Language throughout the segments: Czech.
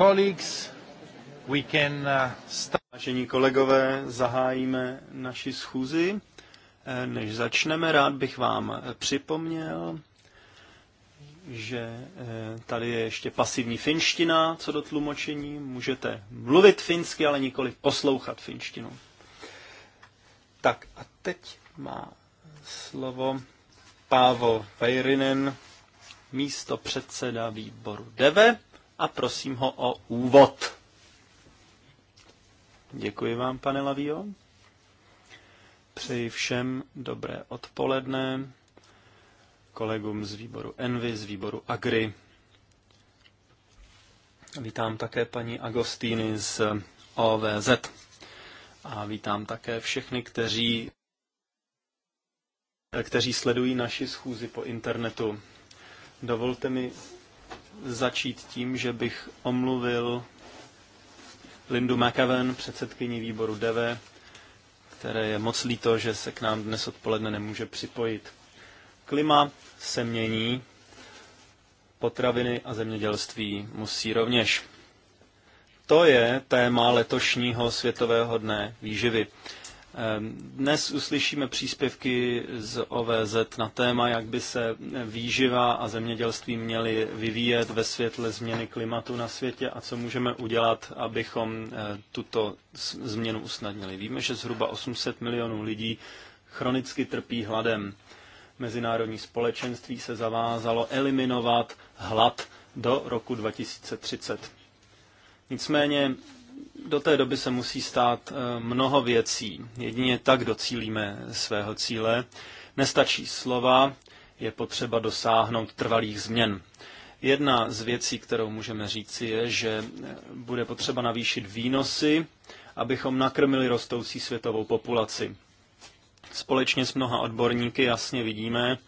Uh, Vážení kolegové, zahájíme naši schůzi. Eh, než začneme, rád bych vám připomněl, že eh, tady je ještě pasivní finština co do tlumočení. Můžete mluvit finsky, ale nikoli poslouchat finštinu. Tak a teď má slovo Pávo Vejrinen, místo předseda výboru DEVE a prosím ho o úvod. Děkuji vám, pane Lavio. Přeji všem dobré odpoledne, kolegům z výboru Envy, z výboru Agri. Vítám také paní Agostýny z OVZ a vítám také všechny, kteří, kteří sledují naši schůzi po internetu. Dovolte mi začít tím, že bych omluvil Lindu McAven, předsedkyni výboru DEVE, které je moc líto, že se k nám dnes odpoledne nemůže připojit. Klima se mění, potraviny a zemědělství musí rovněž. To je téma letošního Světového dne výživy. Ehm, dnes uslyšíme příspěvky z OVZ na téma, jak by se výživa a zemědělství měly vyvíjet ve světle změny klimatu na světě a co můžeme udělat, abychom eh, tuto změnu usnadnili. Víme, že zhruba 800 milionů lidí chronicky trpí hladem. Mezinárodní společenství se zavázalo eliminovat hlad do roku 2030. Nicméně do té doby se musí stát eh, mnoho věcí. Jedině tak docílíme svého cíle. Nestačí slova, je potřeba dosáhnout trvalých změn. Jedna z věcí, kterou můžeme říci, je, že eh, bude potřeba navýšit výnosy, abychom nakrmili rostoucí světovou populaci. Společně s mnoha odborníky jasně vidíme,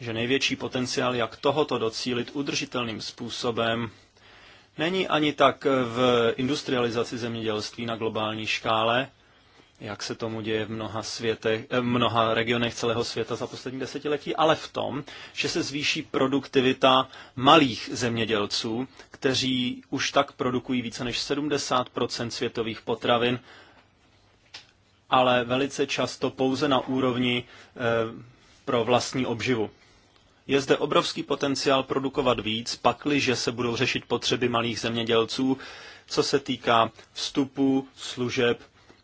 že největší potenciál, jak tohoto docílit udržitelným způsobem, není ani tak v industrializaci zemědělství na globální škále, jak se tomu děje v mnoha, světech, eh, mnoha regionech celého světa za poslední desetiletí, ale v tom, že se zvýší produktivita malých zemědělců, kteří už tak produkují více než 70 světových potravin, ale velice často pouze na úrovni eh, pro vlastní obživu. Je zde obrovský potenciál produkovat víc, pakliže se budou řešit potřeby malých zemědělců, co se týká vstupu, služeb,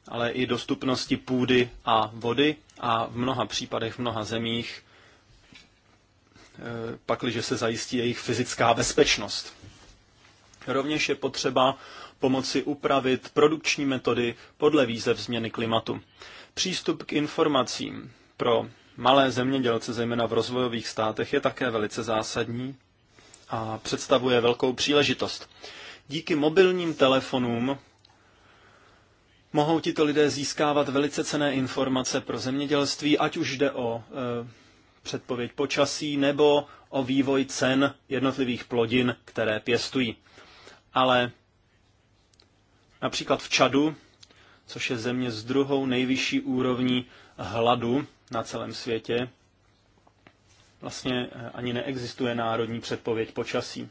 ale i dostupnosti půdy a vody a v mnoha případech, v mnoha zemích, e, pakliže se zajistí jejich fyzická bezpečnost. Rovněž je potřeba pomoci upravit produkční metody podle výzev změny klimatu. Přístup k informacím pro malé zemědělce, zejména v rozvojových státech, je také velice zásadní a představuje velkou příležitost. Díky mobilním telefonům mohou tito lidé získávat velice cené informace pro zemědělství, ať už jde o e, předpověď počasí nebo o vývoj cen jednotlivých plodin, které pěstují. Ale například v Čadu, což je země s druhou nejvyšší úrovní hladu na celém světě, vlastně eh, ani neexistuje národní předpověď počasí.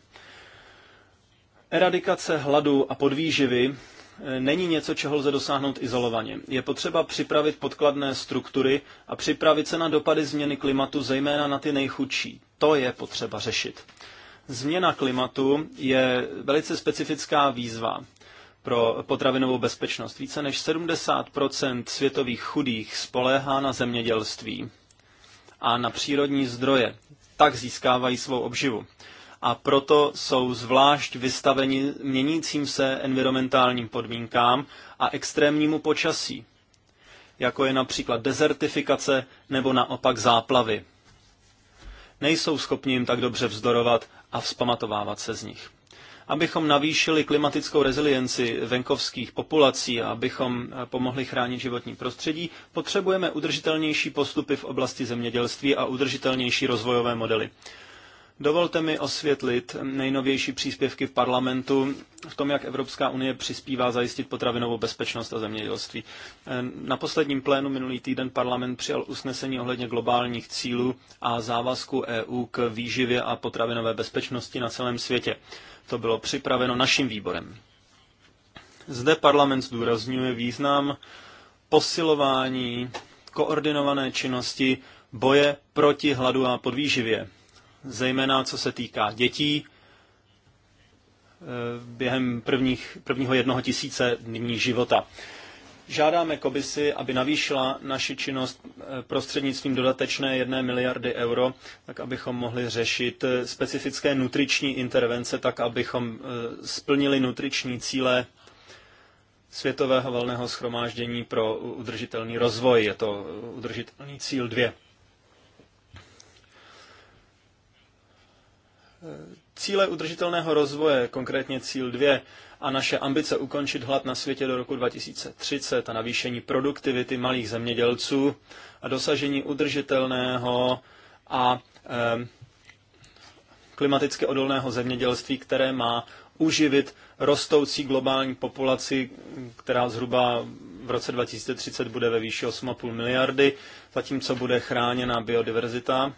Eradikace hladu a podvýživy eh, není něco, čeho lze dosáhnout izolovaně. Je potřeba připravit podkladné struktury a připravit se na dopady změny klimatu, zejména na ty nejchudší. To je potřeba řešit. Změna klimatu je velice specifická výzva pro potravinovou bezpečnost. Více než 70 světových chudých spoléhá na zemědělství a na přírodní zdroje. Tak získávají svou obživu. A proto jsou zvlášť vystaveni měnícím se environmentálním podmínkám a extrémnímu počasí, jako je například dezertifikace nebo naopak záplavy. Nejsou schopni jim tak dobře vzdorovat a vzpamatovávat se z nich abychom navýšili klimatickou rezilienci venkovských populací a abychom eh, pomohli chránit životní prostředí, potřebujeme udržitelnější postupy v oblasti zemědělství a udržitelnější rozvojové modely. Dovolte mi osvětlit nejnovější příspěvky v parlamentu v tom, jak Evropská unie přispívá zajistit potravinovou bezpečnost a zemědělství. Eh, na posledním plénu minulý týden parlament přijal usnesení ohledně globálních cílů a závazku e EU k výživě a potravinové bezpečnosti na celém světě. To bylo připraveno naším výborem. Zde parlament zdůrazňuje význam posilování koordinované činnosti boje proti hladu a podvýživě, zejména co se týká dětí. E, během prvních, prvního jednoho tisíce dní života. Žádáme komisi, aby navýšila naši činnost eh, prostřednictvím dodatečné jedné miliardy euro, tak abychom mohli řešit eh, specifické nutriční intervence, tak abychom eh, splnili nutriční cíle Světového valného schromáždění pro udržitelný rozvoj. Je to udržitelný cíl 2. Cíle udržitelného rozvoje, konkrétně cíl 2 a naše ambice ukončit hlad na světě do roku 2030 a navýšení produktivity malých zemědělců a dosažení udržitelného a e, klimaticky odolného zemědělství, které má uživit rostoucí globální populaci, která zhruba v roce 2030 bude ve výši 8,5 miliardy, zatímco bude chráněna biodiverzita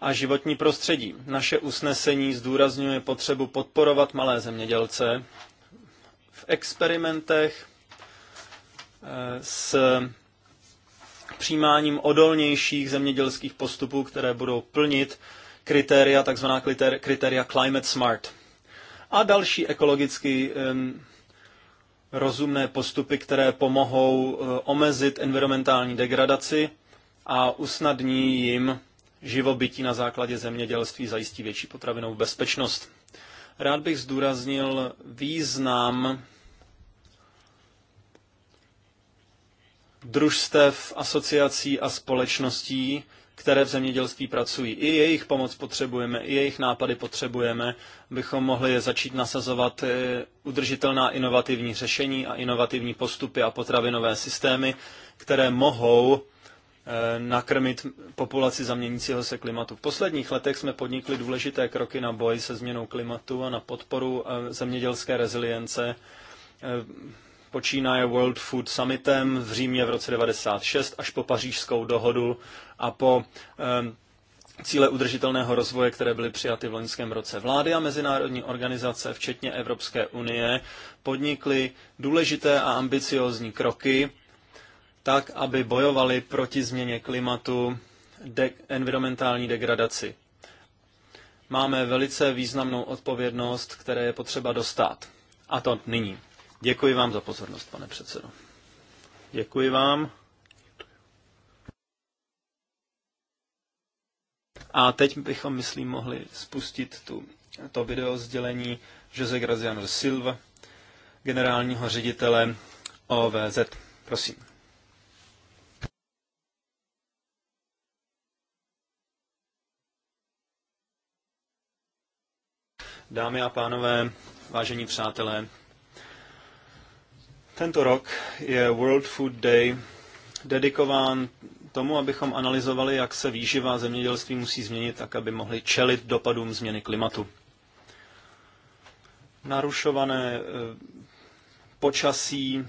a životní prostředí. Naše usnesení zdůrazňuje potřebu podporovat malé zemědělce v experimentech eh, s přijímáním odolnějších zemědělských postupů, které budou plnit kritéria, takzvaná kritéria Climate Smart. A další ekologicky rozumné postupy, které pomohou eh, omezit environmentální degradaci a usnadní jim živobytí na základě zemědělství zajistí větší potravinovou bezpečnost. Rád bych zdůraznil význam družstev, asociací a společností, které v zemědělství pracují. I jejich pomoc potřebujeme, i jejich nápady potřebujeme, abychom mohli je začít nasazovat eh, udržitelná inovativní řešení a inovativní postupy a potravinové systémy, které mohou Eh, nakrmit populaci zaměnícího se klimatu. V posledních letech jsme podnikli důležité kroky na boj se změnou klimatu a na podporu eh, zemědělské rezilience. Eh, počínaje World Food Summitem v Římě v roce 1996 až po pařížskou dohodu a po cíle udržitelného rozvoje, které byly přijaty v loňském roce. Vlády a mezinárodní organizace, včetně Evropské unie, podnikly důležité a ambiciózní kroky, tak, aby bojovali proti změně klimatu, de- environmentální degradaci. Máme velice významnou odpovědnost, které je potřeba dostat. A to nyní. Děkuji vám za pozornost, pane předsedo. Děkuji vám. A teď bychom, myslím, mohli spustit tu, to video sdělení Jose Graziano Silva, generálního ředitele OVZ. Prosím. Dámy a pánové, vážení přátelé, tento rok je World Food Day dedikován tomu, abychom analyzovali, jak se výživa zemědělství musí změnit, tak aby mohli čelit dopadům změny klimatu. Narušované eh, počasí,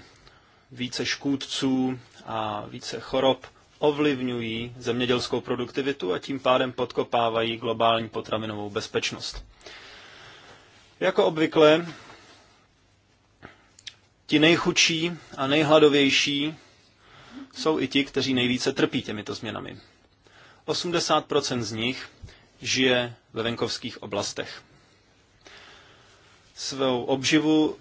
více škůdců a více chorob ovlivňují zemědělskou produktivitu a tím pádem podkopávají globální potravinovou bezpečnost. Jako obvykle, ti nejchudší a nejhladovější jsou i ti, kteří nejvíce trpí těmito změnami. 80% z nich žije ve venkovských oblastech. Svou obživu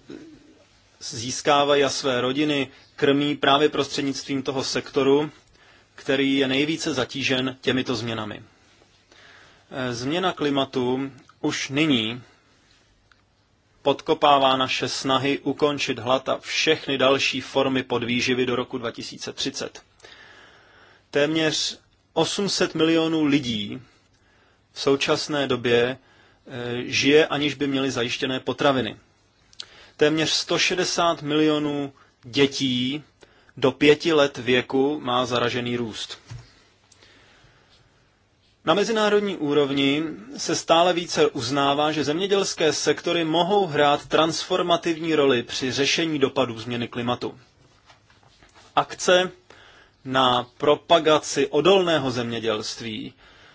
získávají a své rodiny krmí právě prostřednictvím toho sektoru, který je nejvíce zatížen těmito změnami. Změna klimatu už nyní podkopává naše snahy ukončit hlad a všechny další formy podvýživy do roku 2030. Téměř 800 milionů lidí v současné době e, žije, aniž by měli zajištěné potraviny. Téměř 160 milionů dětí do pěti let věku má zaražený růst. Na mezinárodní úrovni se stále více uznává, že zemědělské sektory mohou hrát transformativní roli při řešení dopadů změny klimatu. Akce na propagaci odolného zemědělství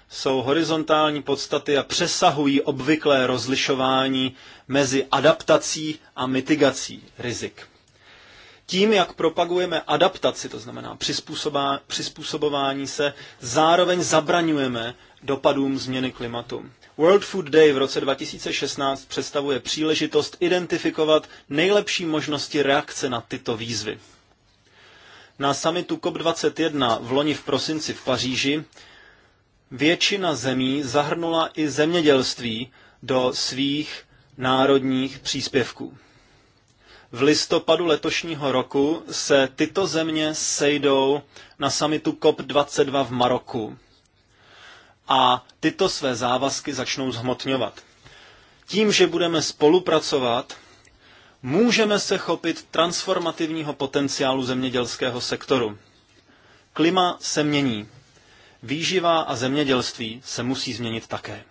jsou horizontální podstaty a přesahují obvyklé rozlišování mezi adaptací a mitigací rizik tím, jak propagujeme adaptaci, to znamená přizpůsobování se, zároveň zabraňujeme dopadům změny klimatu. World Food Day v roce 2016 představuje příležitost identifikovat nejlepší možnosti reakce na tyto výzvy. Na samitu COP21 v loni v prosinci v Paříži většina zemí zahrnula i zemědělství do svých národních příspěvků. V listopadu letošního roku se tyto země sejdou na samitu COP22 v Maroku a tyto své závazky začnou zhmotňovat. Tím, že budeme spolupracovat, můžeme se chopit transformativního potenciálu zemědělského sektoru. Klima se mění. Výživa a zemědělství se musí změnit také.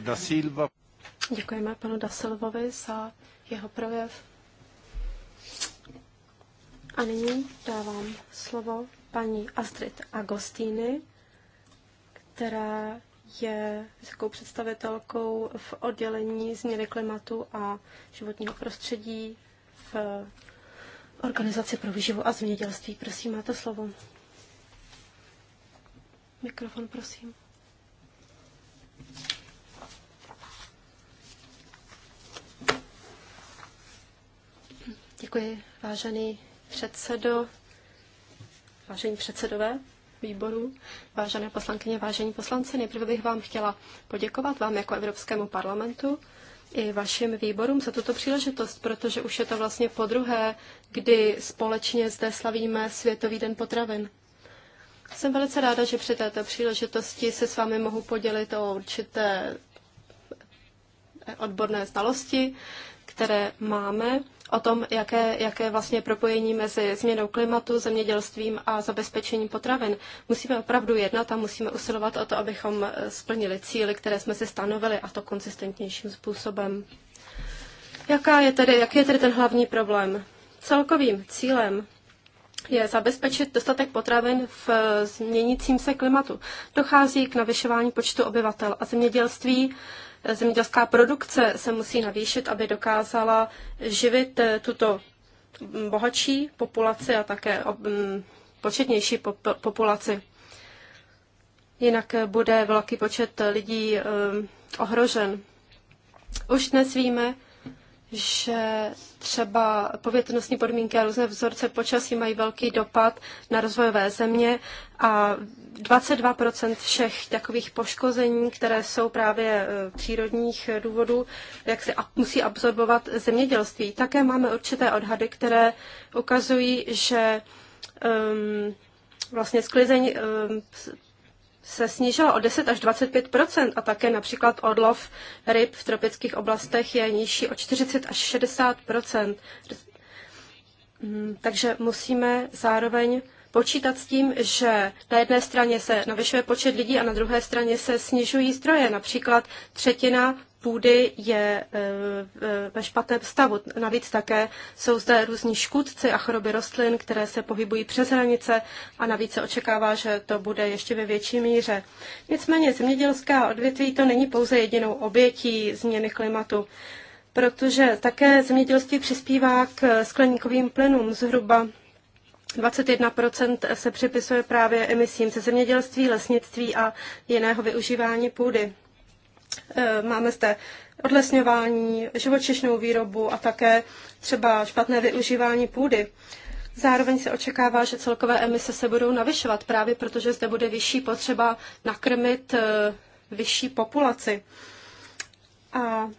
Da Silva. Děkujeme panu Da Silvovi za jeho projev. A nyní dávám slovo paní Astrid Agostini, která je vysokou představitelkou v oddělení změny klimatu a životního prostředí v Organizaci pro výživu a zemědělství. Prosím, máte slovo. Mikrofon, prosím. Děkuji, vážený předsedo, vážení předsedové výboru, vážené poslankyně, vážení poslanci. Nejprve bych vám chtěla poděkovat vám jako Evropskému parlamentu i vašim výborům za tuto příležitost, protože už je to vlastně po druhé, kdy společně zde slavíme Světový den potravin. Jsem velice ráda, že při této příležitosti se s vámi mohu podělit o určité odborné znalosti, které máme o tom, jaké, jaké vlastně propojení mezi změnou klimatu, zemědělstvím a zabezpečením potravin. Musíme opravdu jednat a musíme usilovat o to, abychom eh, splnili cíly, které jsme si stanovili a to konsistentnějším způsobem. Jaká je tedy, jaký je tedy ten hlavní problém? Celkovým cílem je zabezpečit dostatek potravin v eh, změnícím se klimatu. Dochází k navyšování počtu obyvatel a zemědělství eh, zemědělská produkce se musí navýšit, aby dokázala živit eh, tuto mm, bohatší populaci a také mm, početnější populaci. Jinak bude velký počet lidí ohrožen. Už dnes víme, že třeba povětrnostní podmínky a různé vzorce počasí mají velký dopad na rozvojové země a 22% všech takových poškození, které jsou právě e, přírodních důvodů, jak se musí absorbovat zemědělství. Také máme určité odhady, které ukazují, že um, vlastně sklizeň um, se snížila o 10 až 25 a také například odlov ryb v tropických oblastech je nižší o 40 až 60 mm, Takže musíme zároveň počítat s tím, že na jedné straně se navyšuje počet lidí a na druhé straně se snižují zdroje. Například třetina půdy je eh, ve špatném stavu. Navíc také jsou zde různí škůdci a choroby rostlin, které se pohybují přes hranice a navíc se očekává, že to bude ještě ve větší míře. Nicméně zemědělská odvětví to není pouze jedinou obětí změny klimatu, protože také zemědělství přispívá k skleníkovým plynům zhruba 21 se připisuje právě emisím ze zemědělství, lesnictví a jiného využívání půdy. Eh, máme zde odlesňování, živočišnou výrobu a také třeba špatné využívání půdy. Zároveň se očekává, že celkové emise se budou navyšovat právě protože zde bude vyšší potřeba nakrmit eh, vyšší populaci. A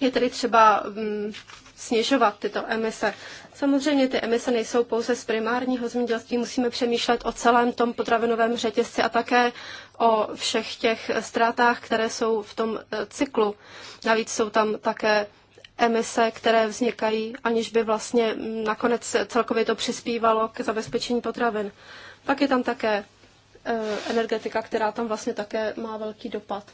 je tedy třeba mm, snižovat tyto emise. Samozřejmě ty emise nejsou pouze z primárního zemědělství, musíme přemýšlet o celém tom potravinovém řetězci a také o všech těch ztrátách, které jsou v tom eh, cyklu. Navíc jsou tam také emise, které vznikají, aniž by vlastně mm, nakonec celkově to přispívalo k zabezpečení potravin. Pak je tam také eh, energetika, která tam vlastně také má velký dopad.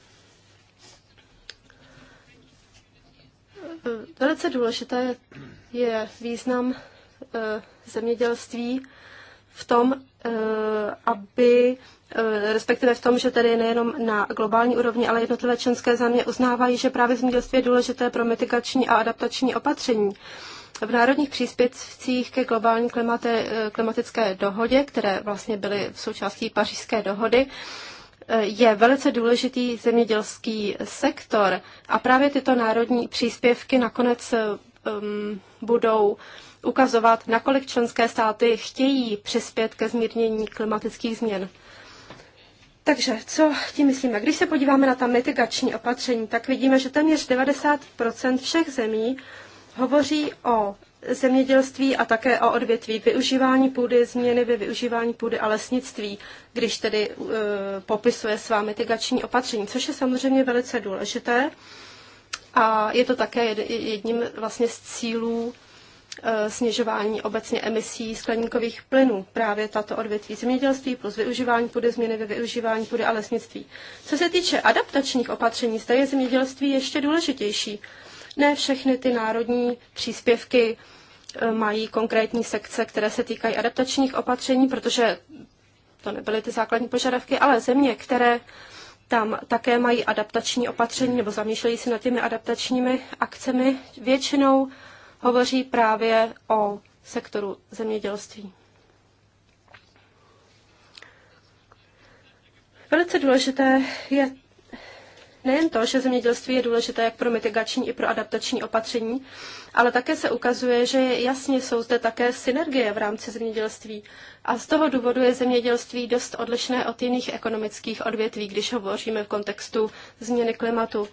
Eh, velice důležité je význam zemědělství v tom, aby Eh, respektive v tom, že tedy nejenom na globální úrovni, ale jednotlivé členské země uznávají, že právě zemědělství je důležité pro mitigační a adaptační opatření. V národních příspěvcích ke globální klimate, eh, klimatické dohodě, které vlastně byly v součástí pařížské dohody, eh, je velice důležitý zemědělský sektor a právě tyto národní příspěvky nakonec um, budou ukazovat, nakolik členské státy chtějí přispět ke zmírnění klimatických změn. Takže co tím myslíme? Když se podíváme na ta mitigační opatření, tak vidíme, že téměř 90 všech zemí hovoří o zemědělství a také o odvětví využívání půdy, změny ve využívání půdy a lesnictví, když tedy e, popisuje svá mitigační opatření, což je samozřejmě velice důležité. A je to také jedním vlastně z cílů E, snižování obecně emisí skleníkových plynů, právě tato odvětví zemědělství plus využívání půdy, změny ve využívání půdy a lesnictví. Co se týče adaptačních opatření, zde je zemědělství ještě důležitější. Ne všechny ty národní příspěvky e, mají konkrétní sekce, které se týkají adaptačních opatření, protože to nebyly ty základní požadavky, ale země, které tam také mají adaptační opatření nebo zamýšlejí se nad těmi adaptačními akcemi, většinou hovoří právě o sektoru zemědělství. Velice důležité je nejen to, že zemědělství je důležité jak pro mitigační i pro adaptační opatření, ale také se ukazuje, že jasně jsou zde také synergie v rámci zemědělství. A z toho důvodu je zemědělství dost odlišné od jiných ekonomických odvětví, když hovoříme v kontextu změny klimatu.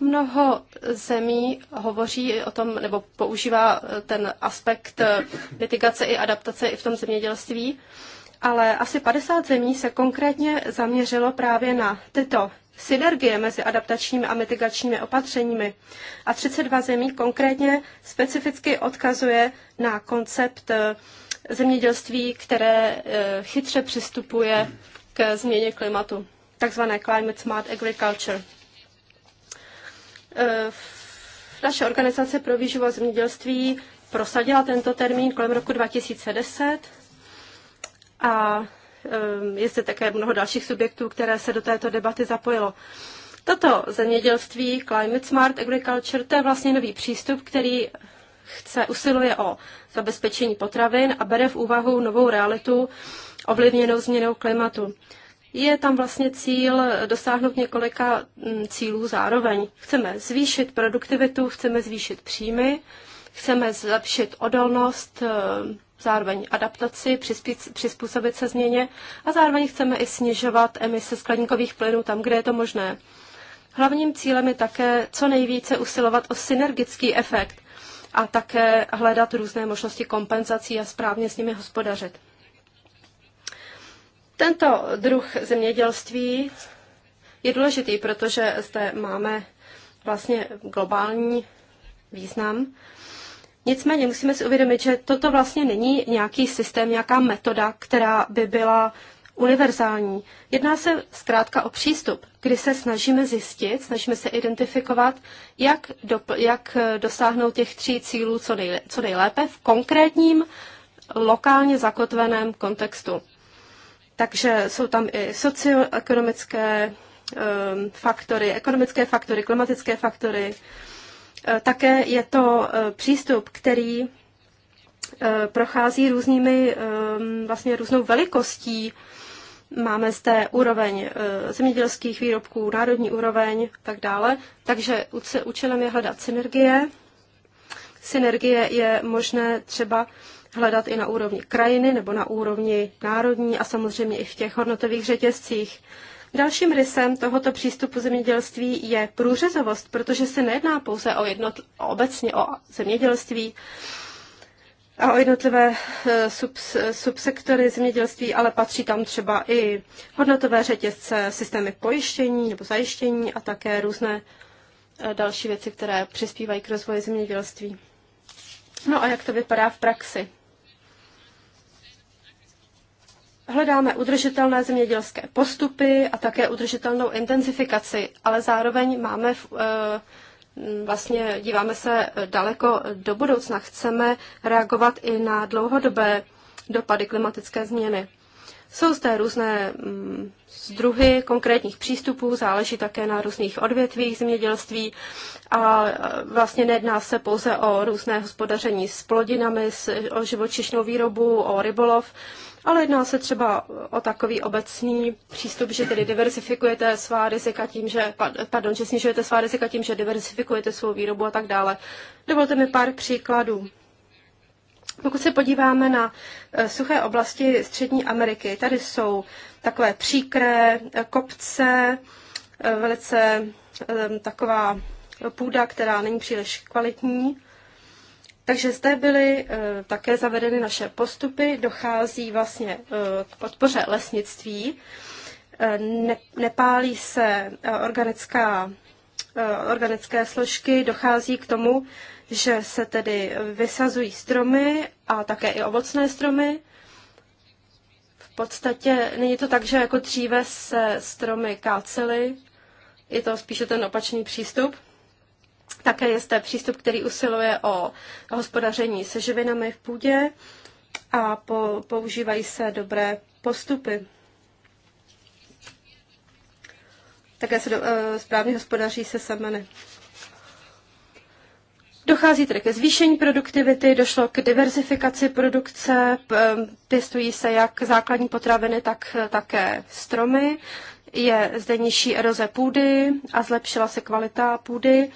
Mnoho zemí hovoří o tom, nebo používá eh, ten aspekt eh, mitigace i adaptace i v tom zemědělství, ale asi 50 zemí se konkrétně zaměřilo právě na tyto synergie mezi adaptačními a mitigačními opatřeními. A 32 zemí konkrétně specificky odkazuje na koncept eh, zemědělství, které chytře přistupuje k změně klimatu, takzvané Climate Smart Agriculture. Eh, naše organizace pro výživu a zemědělství prosadila tento termín kolem roku 2010 a eh, je zde také mnoho dalších subjektů, které se do této debaty zapojilo. Toto zemědělství, Climate Smart Agriculture, to je vlastně nový přístup, který chce, usiluje o zabezpečení potravin a bere v úvahu novou realitu ovlivněnou změnou klimatu. Je tam vlastně cíl dosáhnout několika mm, cílů zároveň. Chceme zvýšit produktivitu, chceme zvýšit příjmy, chceme zlepšit odolnost, eh, zároveň adaptaci, přizpůsobit se změně a zároveň chceme i snižovat emise skleníkových plynů tam, kde je to možné. Hlavním cílem je také co nejvíce usilovat o synergický efekt a také hledat různé možnosti kompenzací a správně s nimi hospodařit. Tento druh zemědělství je důležitý, protože zde máme vlastně globální význam. Nicméně musíme si uvědomit, že toto vlastně není nějaký systém, nějaká metoda, která by byla univerzální. Jedná se zkrátka o přístup, kdy se snažíme zjistit, snažíme se identifikovat, jak, do, jak dosáhnout těch tří cílů co, nejle, co nejlépe v konkrétním lokálně zakotveném kontextu. Takže jsou tam i socioekonomické ehm, faktory, ekonomické faktory, klimatické faktory. Eh, také je to eh, přístup, který eh, prochází různými, ehm, vlastně různou velikostí. Máme zde úroveň zemědělských výrobků, národní úroveň a tak dále. Takže účelem je hledat synergie. Synergie je možné třeba hledat i na úrovni krajiny nebo na úrovni národní a samozřejmě i v těch hodnotových řetězcích. Dalším rysem tohoto přístupu zemědělství je průřezovost, protože se nejedná pouze o jednotl- obecně o zemědělství a o jednotlivé eh, subs- subsektory zemědělství, ale patří tam třeba i hodnotové řetězce, systémy pojištění nebo zajištění a také různé eh, další věci, které přispívají k rozvoji zemědělství. No a jak to vypadá v praxi? Hledáme udržitelné zemědělské postupy a také udržitelnou intenzifikaci, ale zároveň máme v, eh, vlastně díváme se daleko do budoucna. Chceme reagovat i na dlouhodobé dopady klimatické změny. Jsou zde různé mm, druhy konkrétních přístupů, záleží také na různých odvětvích zemědělství a e, vlastně nejedná se pouze o různé hospodaření s plodinami, o živočišnou výrobu, o rybolov, ale jedná se třeba o takový obecný přístup, že tedy diversifikujete svá rizika tím, že, pardon, že snižujete svá rizika tím, že diversifikujete svou výrobu a tak dále. Dovolte mi pár příkladů. Pokud se podíváme na eh, suché oblasti Střední Ameriky, tady jsou takové příkré eh, kopce, eh, velice taková půda, která není příliš kvalitní. Takže zde byly také zavedeny naše postupy, dochází vlastně k podpoře lesnictví, nepálí se organická, organické složky, dochází k tomu, že se tedy vysazují stromy a také i ovocné stromy. V podstatě není to tak, že jako dříve se stromy kácely, je to spíše ten opačný přístup. Také je zde přístup, který usiluje o hospodaření se živinami v půdě a po, používají se dobré postupy. Také se do, e, správně hospodaří se semeny. Dochází tedy ke zvýšení produktivity, došlo k diverzifikaci produkce, eh, pěstují se jak základní potraviny, tak eh, také stromy. Je zde nižší eroze půdy a zlepšila se kvalita půdy.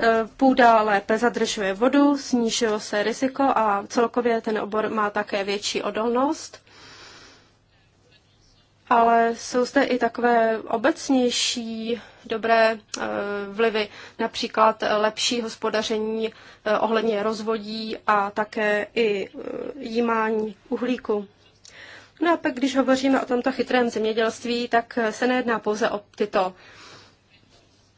Eh, půda lépe zadržuje vodu, snížilo se riziko a celkově ten obor má také větší odolnost. Ale jsou zde i takové obecnější dobré eh, vlivy, například lepší hospodaření eh, ohledně rozvodí a také i eh, jímání uhlíku. No a pak, když hovoříme o tomto chytrém zemědělství, tak se nejedná pouze o tyto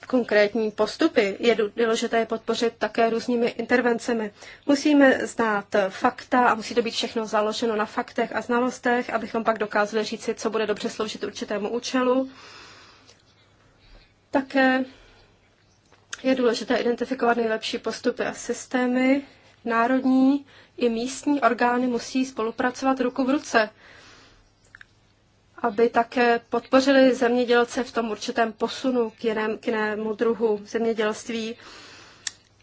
konkrétní postupy. Je důležité je podpořit také různými intervencemi. Musíme znát fakta a musí to být všechno založeno na faktech a znalostech, abychom pak dokázali říci, co bude dobře sloužit určitému účelu. Také je důležité identifikovat nejlepší postupy a systémy. Národní i místní orgány musí spolupracovat ruku v ruce, aby také podpořili zemědělce v tom určitém posunu k, jiném, k jinému druhu zemědělství.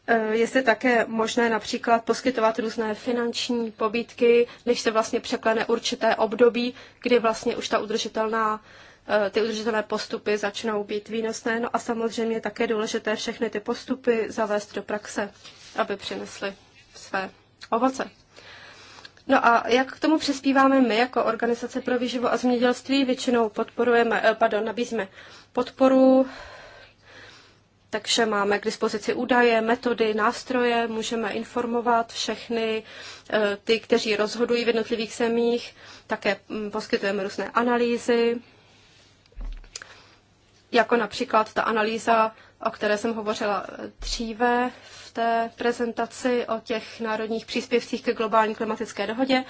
E, je také možné například poskytovat různé finanční pobídky, než se vlastně překlene určité období, kdy vlastně už ta udržitelná Eh, ty udržitelné postupy začnou být výnosné. No a samozřejmě také důležité všechny ty postupy zavést do praxe, aby přinesly své ovoce. No a jak k tomu přispíváme my jako Organizace pro výživu a zemědělství? Většinou podporujeme, eh, pardon, nabízíme podporu, takže máme k dispozici údaje, metody, nástroje, můžeme informovat všechny eh, ty, kteří rozhodují v jednotlivých zemích, také mm, poskytujeme různé analýzy, jako například ta analýza, o které jsem hovořila eh, dříve v té prezentaci o těch národních příspěvcích ke globální klimatické dohodě.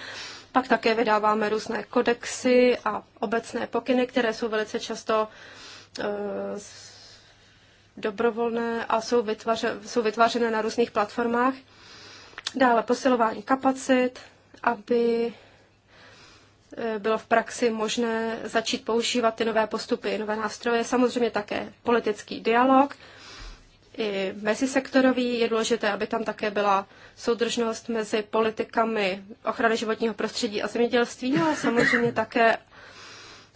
Pak také vydáváme různé kodexy a obecné pokyny, které jsou velice často eh, dobrovolné a jsou, vytvaře, jsou vytvářené na různých platformách. Dále posilování kapacit, aby Eh, bylo v praxi možné začít používat ty nové postupy, nové nástroje. Samozřejmě také politický dialog, i mezisektorový. Je důležité, aby tam také byla soudržnost mezi politikami ochrany životního prostředí a zemědělství, ale samozřejmě také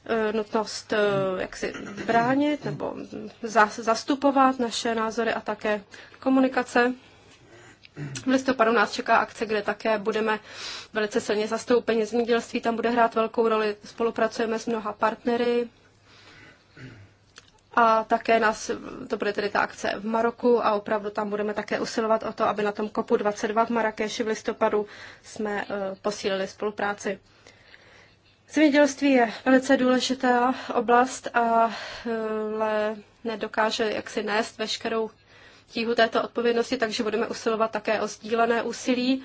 eh, nutnost eh, jak si bránit nebo zastupovat naše názory a také komunikace v listopadu nás čeká akce, kde také budeme velice silně zastoupeni. Zemědělství tam bude hrát velkou roli. Spolupracujeme s mnoha partnery. A také nás, to bude tedy ta akce v Maroku a opravdu tam budeme také usilovat o to, aby na tom kopu 22 v Marrakeši v listopadu jsme eh, posílili spolupráci. Zemědělství je velice důležitá oblast, ale eh, nedokáže jaksi nést veškerou tíhu této odpovědnosti, takže budeme usilovat také o sdílené úsilí.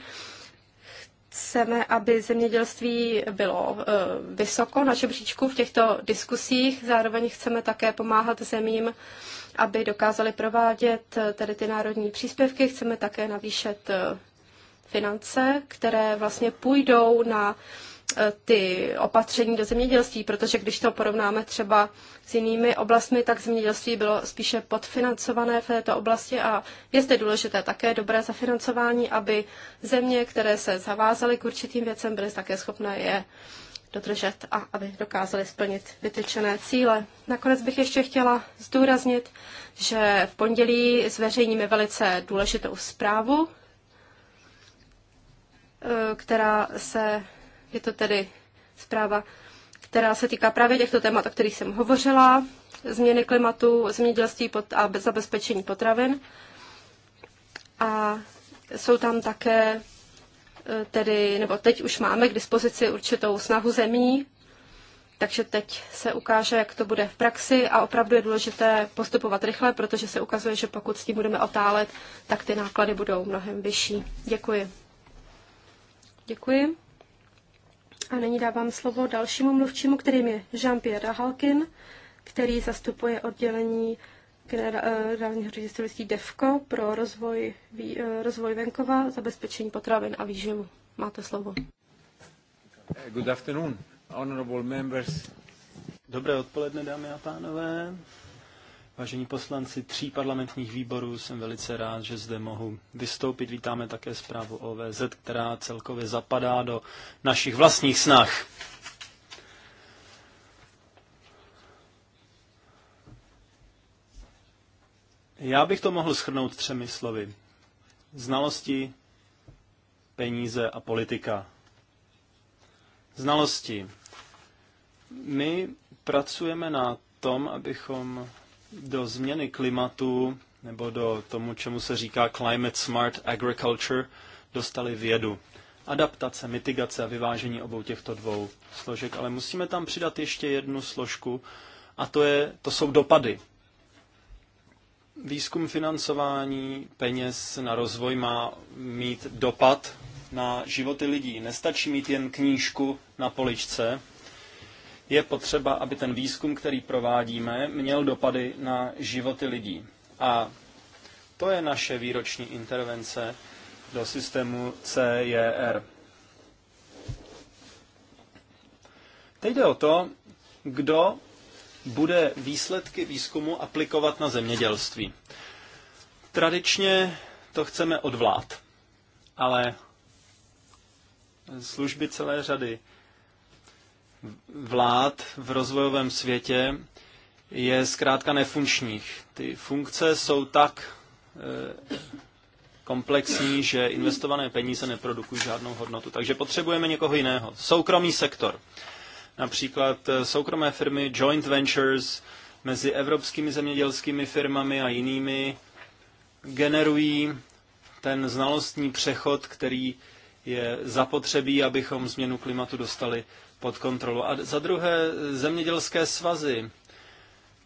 Chceme, aby zemědělství bylo eh, vysoko na žebříčku v těchto diskusích. Zároveň chceme také pomáhat zemím, aby dokázali provádět eh, tedy ty národní příspěvky. Chceme také navýšet eh, finance, které vlastně půjdou na Eh, ty opatření do zemědělství, protože když to porovnáme třeba s jinými oblastmi, tak zemědělství bylo spíše podfinancované v této oblasti a je zde důležité také dobré zafinancování, aby země, které se zavázaly k určitým věcem, byly také schopné je dodržet a aby dokázali splnit vytyčené cíle. Nakonec bych ještě chtěla zdůraznit, že v pondělí zveřejníme velice důležitou zprávu, eh, která se je to tedy zpráva, která se týká právě těchto témat, o kterých jsem hovořila, změny klimatu, zemědělství a zabezpečení potravin. A jsou tam také e, tedy, nebo teď už máme k dispozici určitou snahu zemí, takže teď se ukáže, jak to bude v praxi a opravdu je důležité postupovat rychle, protože se ukazuje, že pokud s tím budeme otálet, tak ty náklady budou mnohem vyšší. Děkuji. Děkuji. A nyní dávám slovo dalšímu mluvčímu, kterým je Jean-Pierre Halkin, který zastupuje oddělení eh, generálního ředitelství DEFCO pro rozvoj, eh, rozvoj venkova, zabezpečení potravin a výživu. Máte slovo. Eh, good afternoon, honorable members. Dobré odpoledne, dámy a pánové. Vážení poslanci tří parlamentních výborů, jsem velice rád, že zde mohu vystoupit. Vítáme také zprávu OVZ, která celkově zapadá do našich vlastních snah. Já bych to mohl schrnout třemi slovy. Znalosti, peníze a politika. Znalosti. My pracujeme na tom, abychom do změny klimatu nebo do tomu, čemu se říká Climate Smart Agriculture, dostali vědu. Adaptace, mitigace a vyvážení obou těchto dvou složek, ale musíme tam přidat ještě jednu složku a to, je, to jsou dopady. Výzkum financování peněz na rozvoj má mít dopad na životy lidí. Nestačí mít jen knížku na poličce, je potřeba, aby ten výzkum, který provádíme, měl dopady na životy lidí. A to je naše výroční intervence do systému CJR. Teď jde o to, kdo bude výsledky výzkumu aplikovat na zemědělství. Tradičně to chceme od vlád, ale služby celé řady vlád v rozvojovém světě je zkrátka nefunkčních. Ty funkce jsou tak eh, komplexní, že investované peníze neprodukují žádnou hodnotu. Takže potřebujeme někoho jiného. Soukromý sektor. Například eh, soukromé firmy, joint ventures mezi evropskými zemědělskými firmami a jinými generují ten znalostní přechod, který je zapotřebí, abychom změnu klimatu dostali pod kontrolu. A za druhé, zemědělské svazy.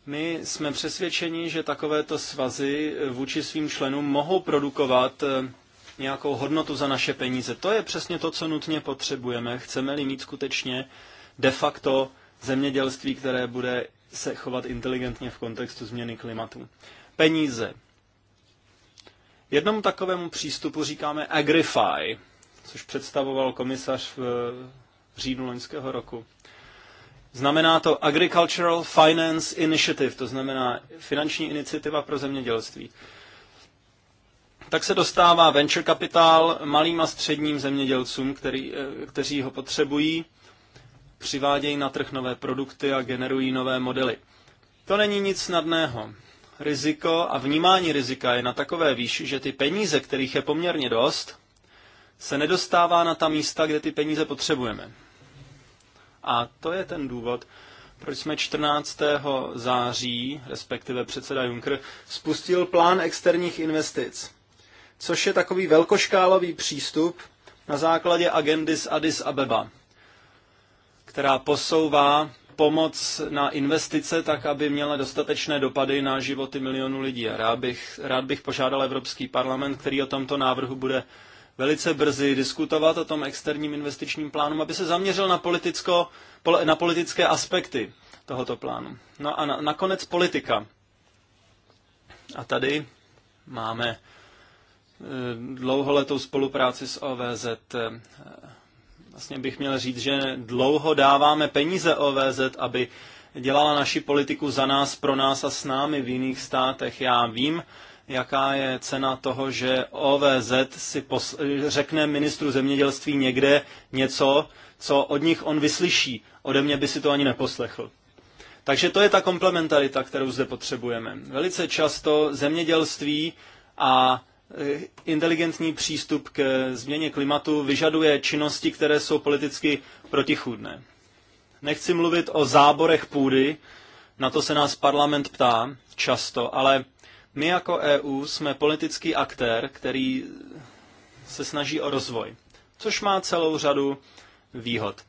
My jsme přesvědčeni, že takovéto svazy vůči svým členům mohou produkovat eh, nějakou hodnotu za naše peníze. To je přesně to, co nutně potřebujeme. Chceme-li mít skutečně de facto zemědělství, které bude se chovat inteligentně v kontextu změny klimatu. Peníze. Jednomu takovému přístupu říkáme agrify, což představoval komisař v říjnu loňského roku. Znamená to Agricultural Finance Initiative, to znamená finanční iniciativa pro zemědělství. Tak se dostává venture kapitál malým a středním zemědělcům, který, eh, kteří ho potřebují, přivádějí na trh nové produkty a generují nové modely. To není nic snadného. Riziko a vnímání rizika je na takové výši, že ty peníze, kterých je poměrně dost, se nedostává na ta místa, kde ty peníze potřebujeme. A to je ten důvod, proč jsme 14. září, respektive předseda Juncker, spustil plán externích investic, což je takový velkoškálový přístup na základě agendy z Addis Abeba, která posouvá pomoc na investice tak, aby měla dostatečné dopady na životy milionů lidí. A rád bych, rád bych požádal Evropský parlament, který o tomto návrhu bude velice brzy diskutovat o tom externím investičním plánu, aby se zaměřil na, politicko, na politické aspekty tohoto plánu. No a na, nakonec politika. A tady máme eh, dlouholetou spolupráci s OVZ. Eh, vlastně bych měl říct, že dlouho dáváme peníze OVZ, aby dělala naši politiku za nás, pro nás a s námi v jiných státech. Já vím, jaká je cena toho, že OVZ si pos- řekne ministru zemědělství někde něco, co od nich on vyslyší. Ode mě by si to ani neposlechl. Takže to je ta komplementarita, kterou zde potřebujeme. Velice často zemědělství a eh, inteligentní přístup k změně klimatu vyžaduje činnosti, které jsou politicky protichůdné. Nechci mluvit o záborech půdy, na to se nás parlament ptá často, ale my jako EU jsme politický aktér, který se snaží o rozvoj, což má celou řadu výhod.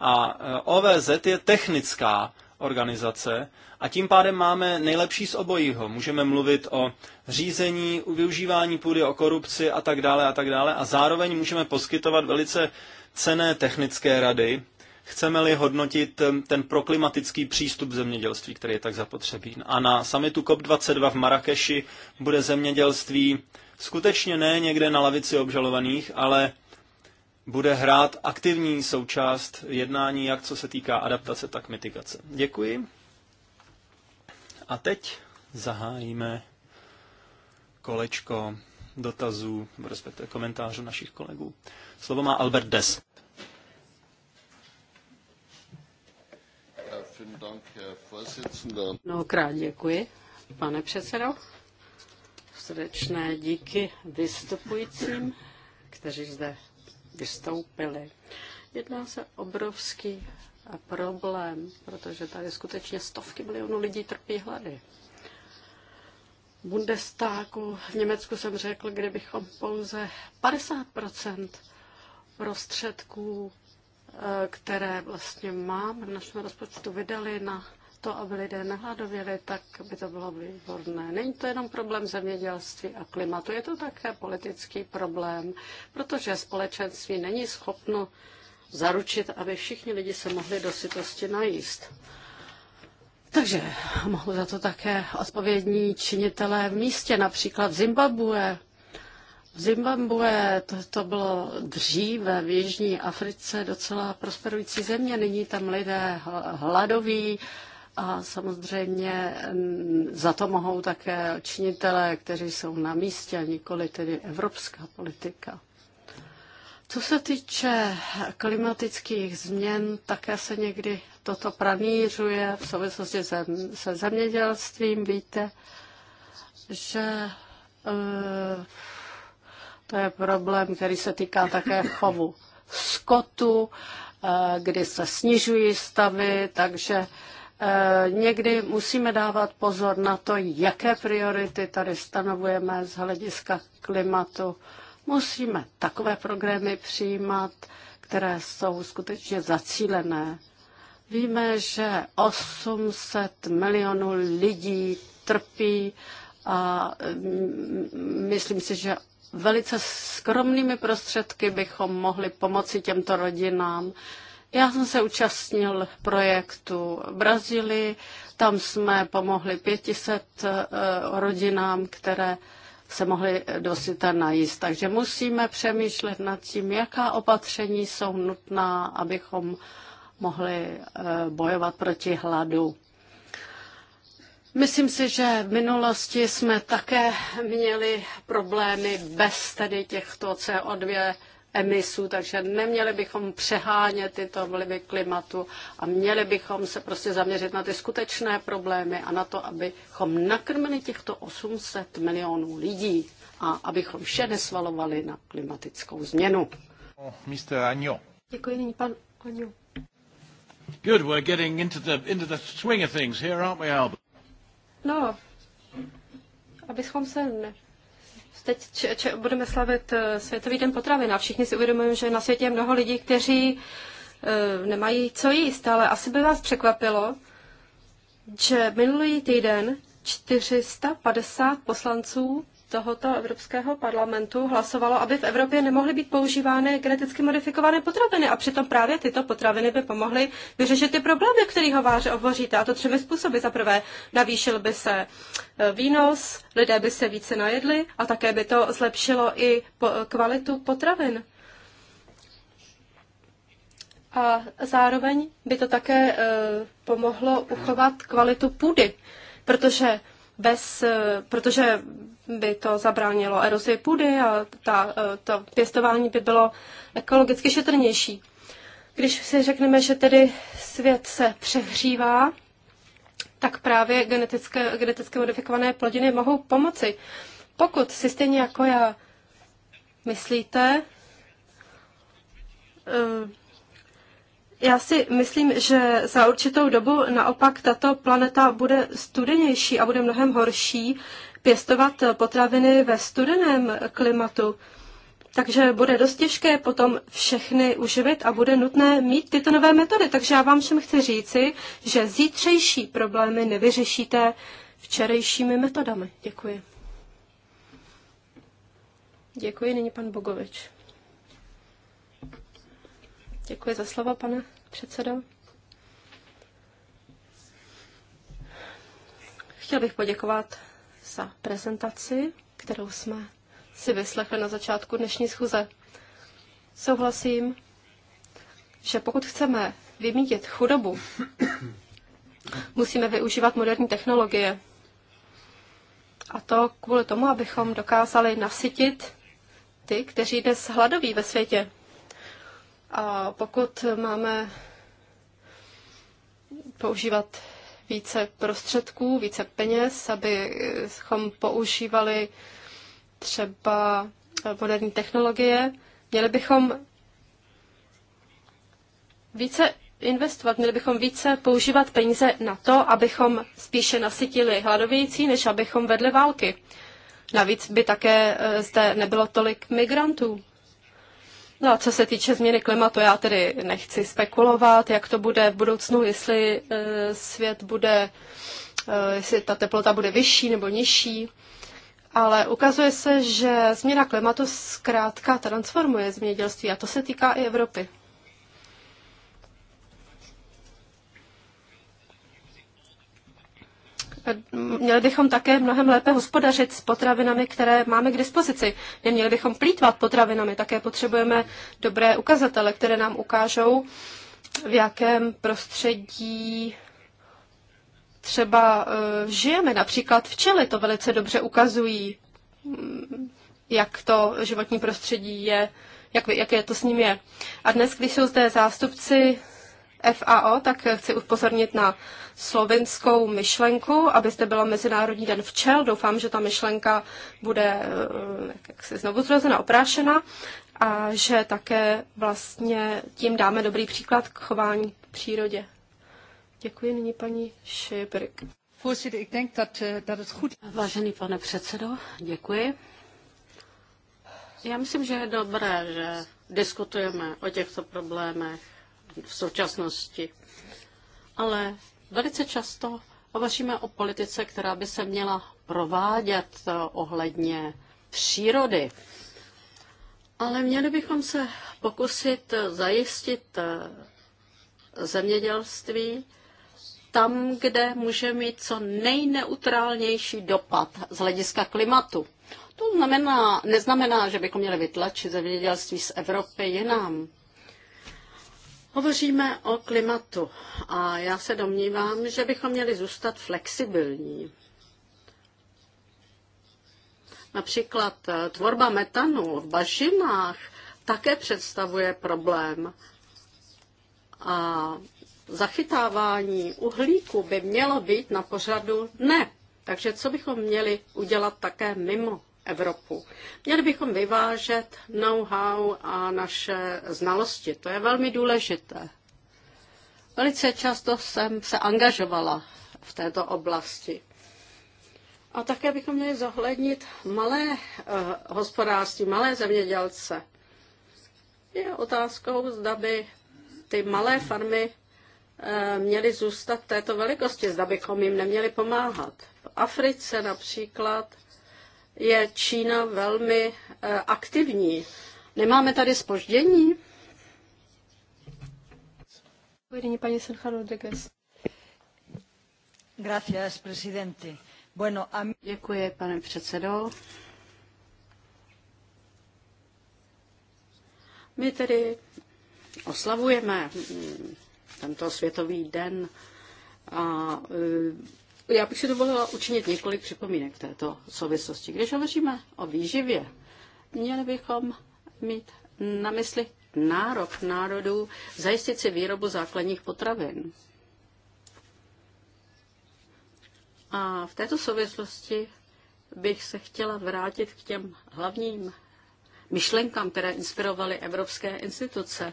A e, OVZ je technická organizace a tím pádem máme nejlepší z obojího. Můžeme mluvit o řízení, o využívání půdy, o korupci a tak dále a tak dále a zároveň můžeme poskytovat velice cené technické rady, chceme-li hodnotit eh, ten proklimatický přístup zemědělství, který je tak zapotřebí. A na samitu COP22 v Marrakeši bude zemědělství skutečně ne někde na lavici obžalovaných, ale bude hrát aktivní součást jednání, jak co se týká adaptace, tak mitigace. Děkuji. A teď zahájíme kolečko dotazů, respektive komentářů našich kolegů. Slovo má Albert Des. Mnohokrát děkuji, pane předsedo. Srdečné díky vystupujícím, kteří zde vystoupili. Jedná se obrovský problém, protože tady skutečně stovky milionů lidí trpí hlady. Bundestagu v Německu jsem řekl, kdybychom pouze 50 prostředků Eh, které vlastně mám, v našem rozpočtu vydali na to, aby lidé nehladověli, tak by to bylo výborné. Není to jenom problém zemědělství a klimatu, je to také politický problém, protože společenství není schopno zaručit, aby všichni lidi se mohli do sytosti najíst. Takže mohou za to také odpovědní činitelé v místě, například v Zimbabwe, v Zimbabwe to, to bylo dříve v Jižní Africe docela prosperující země, nyní tam lidé hladoví a samozřejmě za to mohou také činitelé, kteří jsou na místě, a nikoli tedy evropská politika. Co se týče klimatických změn, také se někdy toto pranířuje v souvislosti se, se zemědělstvím. Víte, že e, to je problém, který se týká také chovu skotu, eh, kdy se snižují stavy, takže eh, někdy musíme dávat pozor na to, jaké priority tady stanovujeme z hlediska klimatu. Musíme takové programy přijímat, které jsou skutečně zacílené. Víme, že 800 milionů lidí trpí a mm, mm, myslím si, že velice skromnými prostředky bychom mohli pomoci těmto rodinám. Já jsem se účastnil projektu v Brazílii, tam jsme pomohli 500 eh, rodinám, které se mohly do syta najíst. Takže musíme přemýšlet nad tím, jaká opatření jsou nutná, abychom mohli eh, bojovat proti hladu. Myslím si, že v minulosti jsme také měli problémy bez tedy těchto CO2 emisů, takže neměli bychom přehánět tyto vlivy klimatu a měli bychom se prostě zaměřit na ty skutečné problémy a na to, abychom nakrmili těchto 800 milionů lidí a abychom vše nesvalovali na klimatickou změnu. Mr. Agno. Děkuji, nyní pan Anjo. Good, we're getting into the, into the swing of things here, aren't we, Albert? No, abychom se ne... Teď če, če, budeme slavit eh, Světový den potravin a všichni si uvědomujeme, že na světě je mnoho lidí, kteří e, nemají co jíst, ale asi by vás překvapilo, že minulý týden 450 poslanců tohoto Evropského parlamentu hlasovalo, aby v Evropě nemohly být používány geneticky modifikované potraviny. A přitom právě tyto potraviny by pomohly vyřešit ty problémy, který hováře obvoříte. A to třemi způsoby. Za prvé, navýšil by se e, výnos, lidé by se více najedli a také by to zlepšilo i kvalitu potravin. A zároveň by to také e, pomohlo uchovat kvalitu půdy, protože bez, e, protože by to zabránilo erozi půdy a ta, e, to pěstování by bylo ekologicky šetrnější. Když si řekneme, že tedy svět se přehřívá, tak právě genetické, geneticky modifikované plodiny mohou pomoci. Pokud si stejně jako já myslíte, e, já si myslím, že za určitou dobu naopak tato planeta bude studenější a bude mnohem horší, pěstovat potraviny ve studeném klimatu. Takže bude dost těžké potom všechny uživit a bude nutné mít tyto nové metody. Takže já vám všem chci říci, že zítřejší problémy nevyřešíte včerejšími metodami. Děkuji. Děkuji, nyní pan Bogovič. Děkuji za slovo, pane předsedo. Chtěl bych poděkovat za prezentaci, kterou jsme si vyslechli na začátku dnešní schůze. Souhlasím, že pokud chceme vymítit chudobu, musíme využívat moderní technologie. A to kvůli tomu, abychom dokázali nasytit ty, kteří dnes hladoví ve světě. A pokud máme používat více prostředků, více peněz, abychom používali třeba eh, moderní technologie. Měli bychom více investovat, měli bychom více používat peníze na to, abychom spíše nasytili hladovějící, než abychom vedli války. Navíc by také eh, zde nebylo tolik migrantů. No a co se týče změny klimatu, já tedy nechci spekulovat, jak to bude v budoucnu, jestli e, svět bude, e, jestli ta teplota bude vyšší nebo nižší. Ale ukazuje se, že změna klimatu zkrátka transformuje zemědělství a to se týká i Evropy. Měli bychom také mnohem lépe hospodařit s potravinami, které máme k dispozici. Neměli bychom plítvat potravinami, také potřebujeme dobré ukazatele, které nám ukážou, v jakém prostředí třeba eh, žijeme. Například včely to velice dobře ukazují, hm, jak to životní prostředí je, jak, je to s ním je. A dnes, když jsou zde zástupci FAO, tak chci upozornit na slovenskou myšlenku, aby byla Mezinárodní den včel. Doufám, že ta myšlenka bude eh, jak se znovu zrozena, oprášena a že také vlastně tím dáme dobrý příklad k chování v přírodě. Děkuji nyní paní Šebrik. Eh, Vážený pane předsedo, děkuji. Já myslím, že je dobré, že diskutujeme o těchto problémech v současnosti. Ale velice často hovoříme o politice, která by se měla provádět eh, ohledně přírody. Ale měli bychom se pokusit eh, zajistit eh, zemědělství tam, kde může mít co nejneutrálnější dopad z hlediska klimatu. To znamená, neznamená, že bychom měli vytlačit zemědělství z Evropy jinam. Hovoříme o klimatu a já se domnívám, že bychom měli zůstat flexibilní. Například eh, tvorba metanu v bažinách také představuje problém. A zachytávání uhlíku by mělo být na pořadu ne. Takže co bychom měli udělat také mimo Evropu. Měli bychom vyvážet know-how a naše znalosti. To je velmi důležité. Velice často jsem se angažovala v této oblasti. A také bychom měli zohlednit malé uh, hospodářství, malé zemědělce. Je otázkou, zda by ty malé farmy uh, měly zůstat této velikosti, zda bychom jim neměli pomáhat. V Africe například je Čína velmi eh, aktivní. Nemáme tady spoždění? Gracias, presidente. Bueno, a... Děkuji, pane předsedo. My tedy oslavujeme mm, tento světový den a eh, já bych si dovolila učinit několik připomínek v této souvislosti. Když hovoříme o výživě, měli bychom mít na mysli nárok národů zajistit si výrobu základních potravin. A v této souvislosti bych se chtěla vrátit k těm hlavním myšlenkám, které inspirovaly evropské instituce.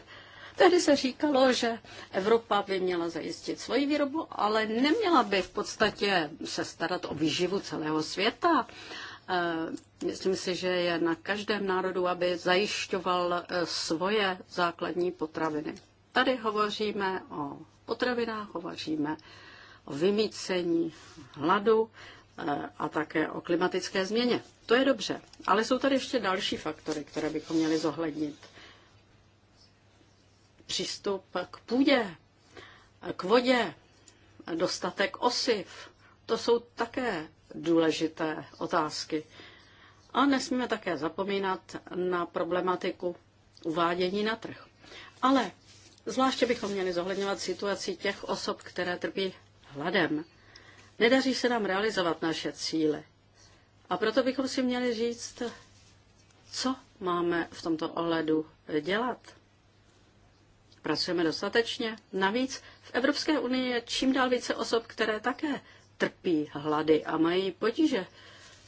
Tehdy se říkalo, že Evropa by měla zajistit svoji výrobu, ale neměla by v podstatě se starat o výživu celého světa. E, myslím si, že je na každém národu, aby zajišťoval e, svoje základní potraviny. Tady hovoříme o potravinách, hovoříme o vymícení hladu e, a také o klimatické změně. To je dobře, ale jsou tady ještě další faktory, které bychom měli zohlednit přístup k půdě, k vodě, dostatek osiv. To jsou také důležité otázky. A nesmíme také zapomínat na problematiku uvádění na trh. Ale zvláště bychom měli zohledňovat situaci těch osob, které trpí hladem. Nedaří se nám realizovat naše cíle. A proto bychom si měli říct, co máme v tomto ohledu dělat. Pracujeme dostatečně? Navíc v Evropské unii je čím dál více osob, které také trpí hlady a mají potíže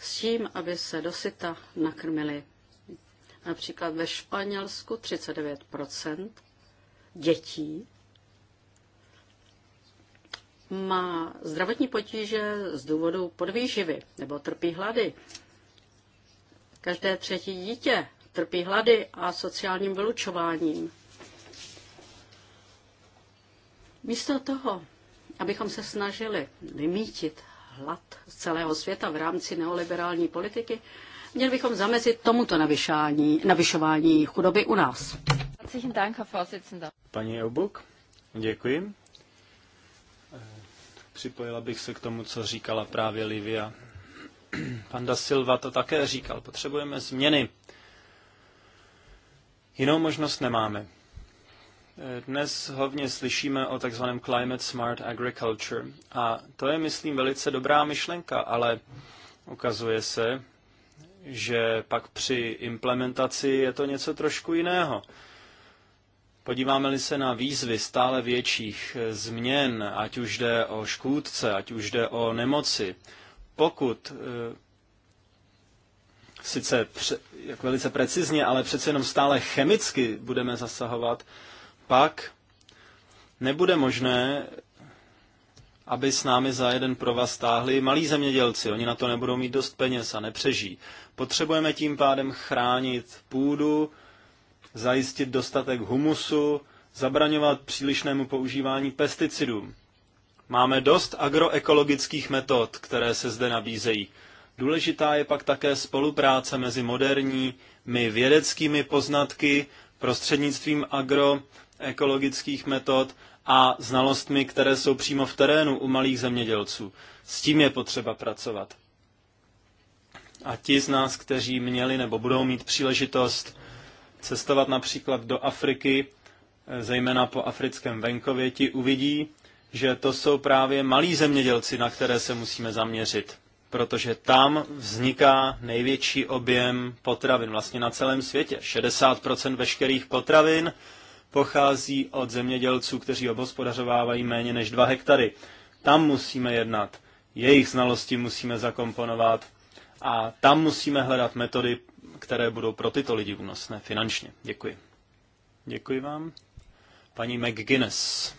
s tím, aby se dosyta nakrmili. Například ve Španělsku 39 dětí má zdravotní potíže z důvodu podvýživy nebo trpí hlady. Každé třetí dítě trpí hlady a sociálním vylučováním. Místo toho, abychom se snažili vymítit hlad z celého světa v rámci neoliberální politiky, měli bychom zamezit tomuto navyšání, navyšování chudoby u nás. Paní Eubuk, děkuji. Eh, připojila bych se k tomu, co říkala právě Livia. da Silva to také říkal. Potřebujeme změny. Jinou možnost nemáme. Dnes hodně slyšíme o takzvaném Climate Smart Agriculture a to je, myslím, velice dobrá myšlenka, ale ukazuje se, že pak při implementaci je to něco trošku jiného. Podíváme-li se na výzvy stále větších změn, ať už jde o škůdce, ať už jde o nemoci, pokud eh, sice jak velice precizně, ale přece jenom stále chemicky budeme zasahovat, pak nebude možné, aby s námi za jeden provaz stáhli malí zemědělci. Oni na to nebudou mít dost peněz a nepřeží. Potřebujeme tím pádem chránit půdu, zajistit dostatek humusu, zabraňovat přílišnému používání pesticidů. Máme dost agroekologických metod, které se zde nabízejí. Důležitá je pak také spolupráce mezi moderními vědeckými poznatky prostřednictvím agro ekologických metod a znalostmi, které jsou přímo v terénu u malých zemědělců. S tím je potřeba pracovat. A ti z nás, kteří měli nebo budou mít příležitost cestovat například do Afriky, eh, zejména po africkém venkově, ti uvidí, že to jsou právě malí zemědělci, na které se musíme zaměřit, protože tam vzniká největší objem potravin vlastně na celém světě. 60% veškerých potravin pochází od zemědělců, kteří obhospodařovávají méně než 2 hektary. Tam musíme jednat, jejich znalosti musíme zakomponovat a tam musíme hledat metody, které budou pro tyto lidi únosné finančně. Děkuji. Děkuji vám. Paní McGuinness.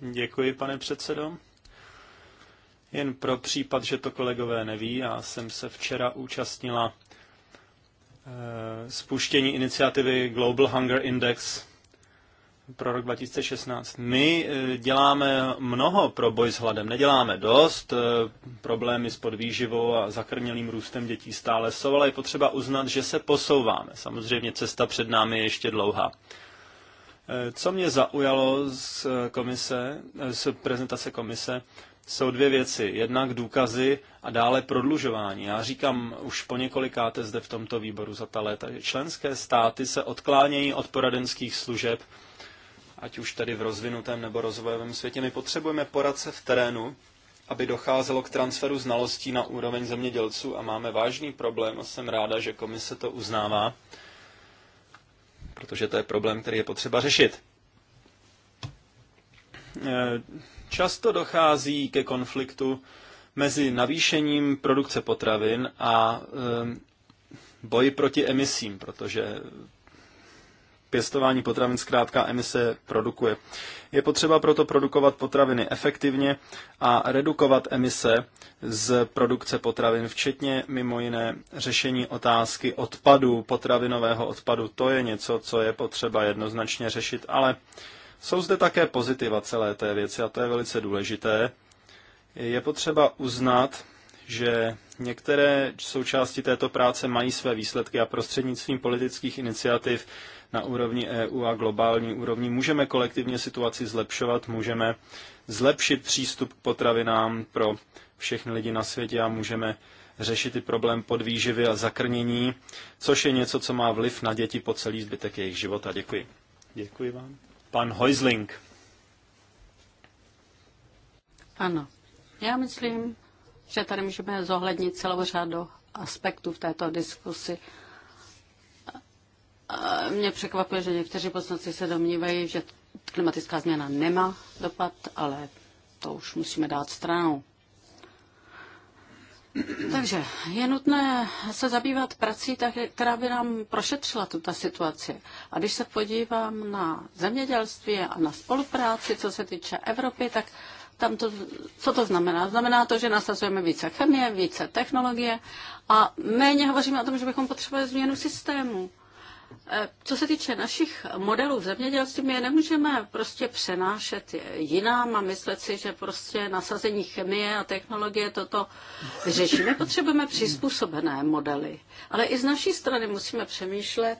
Děkuji, pane předsedo. Jen pro případ, že to kolegové neví, já jsem se včera účastnila Eh, spuštění iniciativy Global Hunger Index pro rok 2016. My eh, děláme mnoho pro boj s hladem, neděláme dost, eh, problémy s podvýživou a zakrnělým růstem dětí stále jsou, ale je potřeba uznat, že se posouváme. Samozřejmě cesta před námi je ještě dlouhá. Co mě zaujalo z komise, z prezentace komise, jsou dvě věci. Jednak důkazy a dále prodlužování. Já říkám už po několikáte zde v tomto výboru za ta léta, že členské státy se odklánějí od poradenských služeb, ať už tady v rozvinutém nebo rozvojovém světě. My potřebujeme poradce v terénu, aby docházelo k transferu znalostí na úroveň zemědělců a máme vážný problém a jsem ráda, že komise to uznává, protože to je problém, který je potřeba řešit eh, Často dochází ke konfliktu mezi navýšením produkce potravin a boji proti emisím, protože pěstování potravin zkrátka emise produkuje. Je potřeba proto produkovat potraviny efektivně a redukovat emise z produkce potravin, včetně mimo jiné řešení otázky odpadu, potravinového odpadu. To je něco, co je potřeba jednoznačně řešit, ale jsou zde také pozitiva celé té věci a to je velice důležité. Je potřeba uznat, že některé součásti této práce mají své výsledky a prostřednictvím politických iniciativ na úrovni EU a globální úrovni můžeme kolektivně situaci zlepšovat, můžeme zlepšit přístup k potravinám pro všechny lidi na světě a můžeme řešit i problém podvýživy a zakrnění, což je něco, co má vliv na děti po celý zbytek jejich života. Děkuji. Děkuji vám. Pan Heusling. Ano, já myslím, že tady můžeme zohlednit celou řadu aspektů v této diskusi. Mě překvapuje, že někteří poslanci se domnívají, že klimatická změna nemá dopad, ale to už musíme dát stranou. Takže je nutné se zabývat prací, která by nám prošetřila tuto situaci. A když se podívám na zemědělství a na spolupráci, co se týče Evropy, tak tam to, co to znamená? Znamená to, že nasazujeme více chemie, více technologie a méně hovoříme o tom, že bychom potřebovali změnu systému. Eh, co se týče našich modelů v zemědělství, my je nemůžeme prostě přenášet jinám a myslet si, že prostě nasazení chemie a technologie toto řeší. My potřebujeme přizpůsobené modely, ale i z naší strany musíme přemýšlet,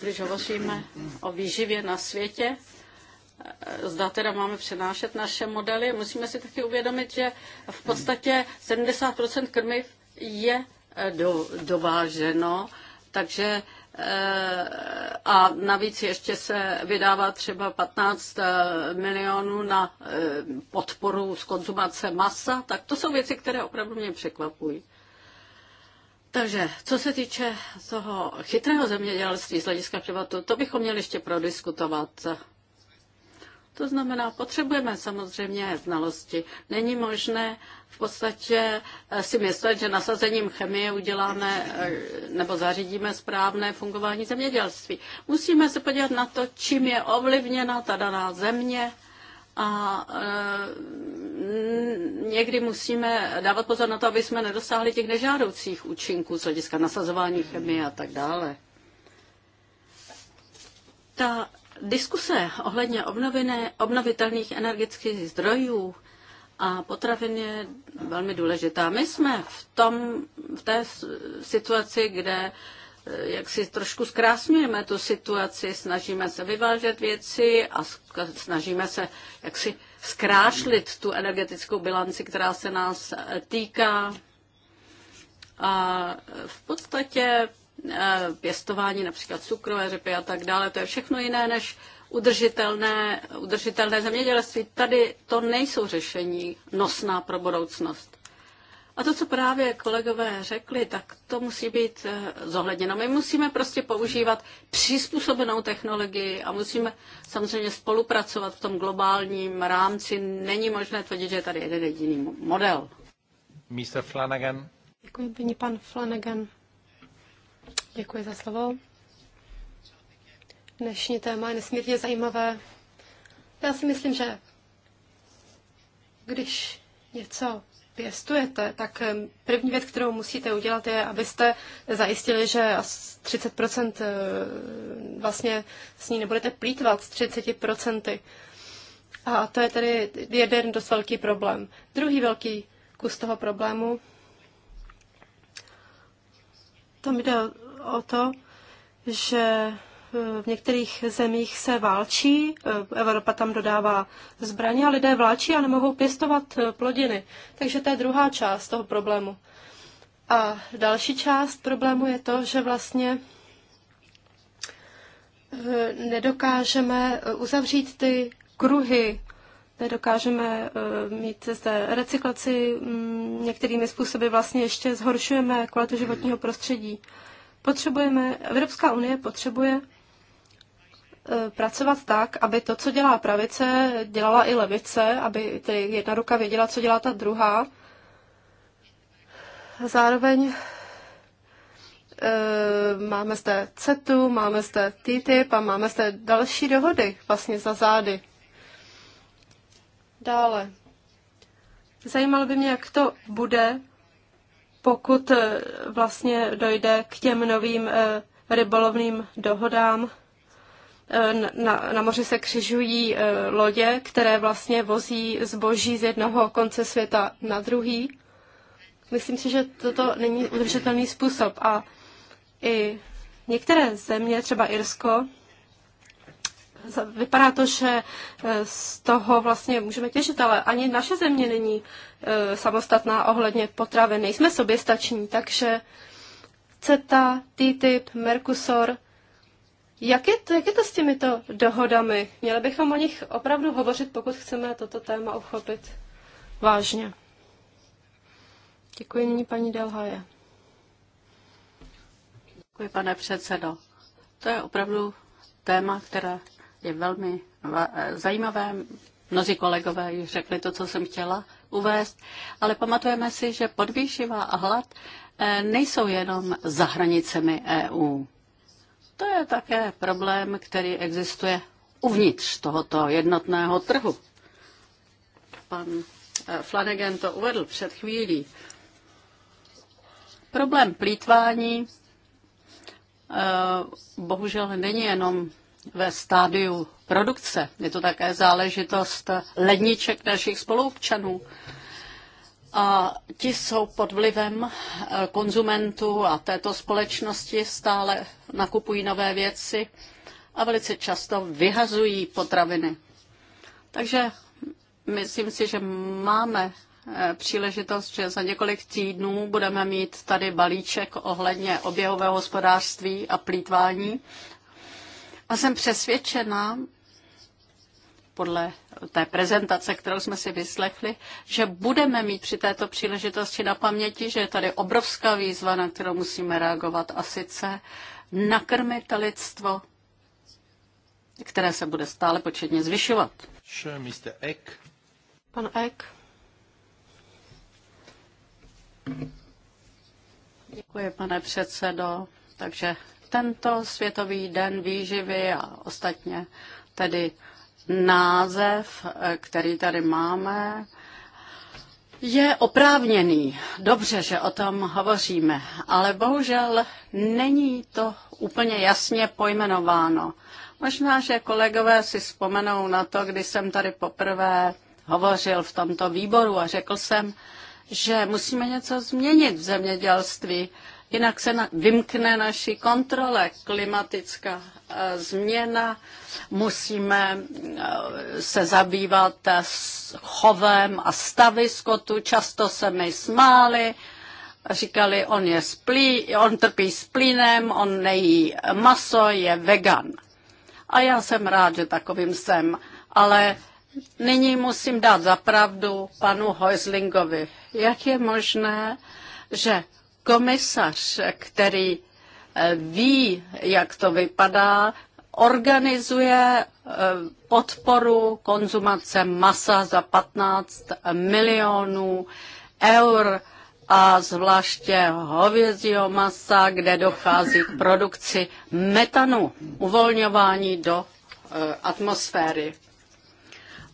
když hovoříme o výživě na světě, eh, zda teda máme přenášet naše modely, musíme si taky uvědomit, že v podstatě 70% krmiv je eh, do, dováženo, takže Eh, a navíc ještě se vydává třeba 15 eh, milionů na eh, podporu z konzumace masa, tak to jsou věci, které opravdu mě překvapují. Takže co se týče toho chytrého zemědělství z hlediska klimatu, to bychom měli ještě prodiskutovat. To znamená, potřebujeme samozřejmě znalosti. Není možné v podstatě eh, si myslet, že nasazením chemie uděláme eh, nebo zařídíme správné fungování zemědělství. Musíme se podívat na to, čím je ovlivněna ta daná země, a e, někdy musíme dávat pozor na to, aby jsme nedosáhli těch nežádoucích účinků z hlediska nasazování chemie a tak dále. Ta Diskuse ohledně obnovitelných energetických zdrojů a potravin je velmi důležitá. My jsme v, tom, v té situaci, kde eh, jak si trošku zkrásňujeme tu situaci, snažíme se vyvážet věci a snažíme se jak si zkrášlit tu energetickou bilanci, která se nás eh, týká. A v podstatě Eh, pěstování například cukrové řepy a tak dále. To je všechno jiné než udržitelné, udržitelné zemědělství. Tady to nejsou řešení nosná pro budoucnost. A to, co právě kolegové řekli, tak to musí být eh, zohledněno. My musíme prostě používat přizpůsobenou technologii a musíme samozřejmě spolupracovat v tom globálním rámci. Není možné tvrdit, že je tady jeden jediný model. Mr. Flanagan. Děkuji, paní pan Flanagan. Děkuji za slovo. Dnešní téma je nesmírně zajímavé. Já si myslím, že když něco pěstujete, tak první věc, kterou musíte udělat, je, abyste zajistili, že 30% e, vlastně s ní nebudete plítvat z 30%. A to je tedy jeden dost velký problém. Druhý velký kus toho problému, tam jde o to, že e, v některých zemích se válčí, e, Evropa tam dodává zbraně a lidé vláčí a nemohou pěstovat e, plodiny. Takže to je druhá část toho problému. A další část problému je to, že vlastně nedokážeme uzavřít ty kruhy, nedokážeme mít zde recyklaci, některými způsoby vlastně ještě zhoršujeme kvalitu životního prostředí. Potřebujeme, Evropská unie potřebuje e, pracovat tak, aby to, co dělá pravice, dělala i levice, aby tedy jedna ruka věděla, co dělá ta druhá. Zároveň e, máme zde CETu, máme zde TTIP a máme zde další dohody vlastně za zády. Dále. Zajímalo by mě, jak to bude pokud eh, vlastně dojde k těm novým eh, rybolovným dohodám, eh, na, na moři se křižují lodě, které vlastně vozí zboží z jednoho konce světa na druhý. Myslím si, že toto není udržitelný způsob a i některé země, třeba Irsko, vypadá to, že e, z toho vlastně můžeme těžit, ale ani naše země není e, samostatná ohledně potravy. Nejsme soběstační, takže CETA, TTIP, Mercosur, jak je, to, jak je to s těmito dohodami? Měli bychom o nich opravdu hovořit, pokud chceme toto téma uchopit vážně. Děkuji nyní paní Delhaje. Děkuji, pane předsedo. To je opravdu téma, které je velmi zajímavé. Mnozí kolegové již řekli to, co jsem chtěla uvést, ale pamatujeme si, že podvýšiva a hlad eh, nejsou jenom za hranicemi EU. To je také problém, který existuje uvnitř tohoto jednotného trhu. Pan eh, Flanagan to uvedl před chvílí. Problém plítvání eh, bohužel není jenom ve stádiu produkce. Je to také záležitost ledniček našich spoluobčanů. A ti jsou pod vlivem eh, konzumentů a této společnosti stále nakupují nové věci a velice často vyhazují potraviny. Takže myslím si, že máme eh, příležitost, že za několik týdnů budeme mít tady balíček ohledně oběhového hospodářství a plítvání a jsem přesvědčena, podle té prezentace, kterou jsme si vyslechli, že budeme mít při této příležitosti na paměti, že je tady obrovská výzva, na kterou musíme reagovat, a sice nakrmit lidstvo, které se bude stále početně zvyšovat. Mr. Eck. Pan Eck. Děkuji, pane předsedo. Takže tento Světový den výživy a ostatně tedy název, eh, který tady máme, je oprávněný. Dobře, že o tom hovoříme, ale bohužel není to úplně jasně pojmenováno. Možná, že kolegové si vzpomenou na to, když jsem tady poprvé hovořil v tomto výboru a řekl jsem, že musíme něco změnit v zemědělství, jinak se na, vymkne naší kontrole klimatická eh, změna. Musíme eh, se zabývat eh, s chovem a stavy skotu. Často se mi smáli, říkali, on, je splí, on trpí splínem, on nejí maso, je vegan. A já jsem rád, že takovým jsem. Ale nyní musím dát zapravdu panu Heuslingovi. Jak je možné, že komisař, který eh, ví, jak to vypadá, organizuje eh, podporu konzumace masa za 15 milionů eur a zvláště hovězího masa, kde dochází k produkci metanu, uvolňování do eh, atmosféry.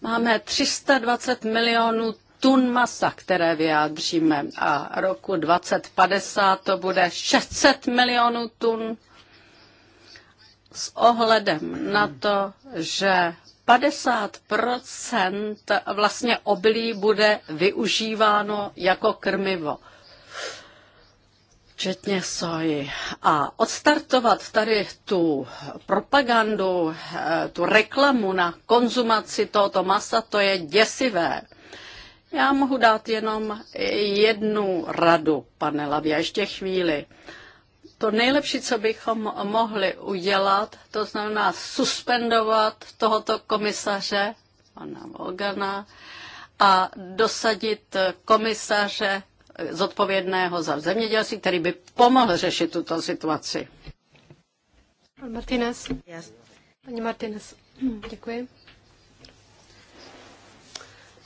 Máme 320 milionů tun masa, které vyjádříme. A roku 2050 to bude 600 milionů tun s ohledem na to, že 50 vlastně obilí bude využíváno jako krmivo včetně soji. A odstartovat tady tu propagandu, eh, tu reklamu na konzumaci tohoto masa, to je děsivé. Já mohu dát jenom jednu radu, pane Lavia, ještě chvíli. To nejlepší, co bychom mohli udělat, to znamená suspendovat tohoto komisaře, pana Volgana, a dosadit komisaře zodpovědného za zemědělství, který by pomohl řešit tuto situaci. Pan Martinez. Yes. Paní Martinez, děkuji.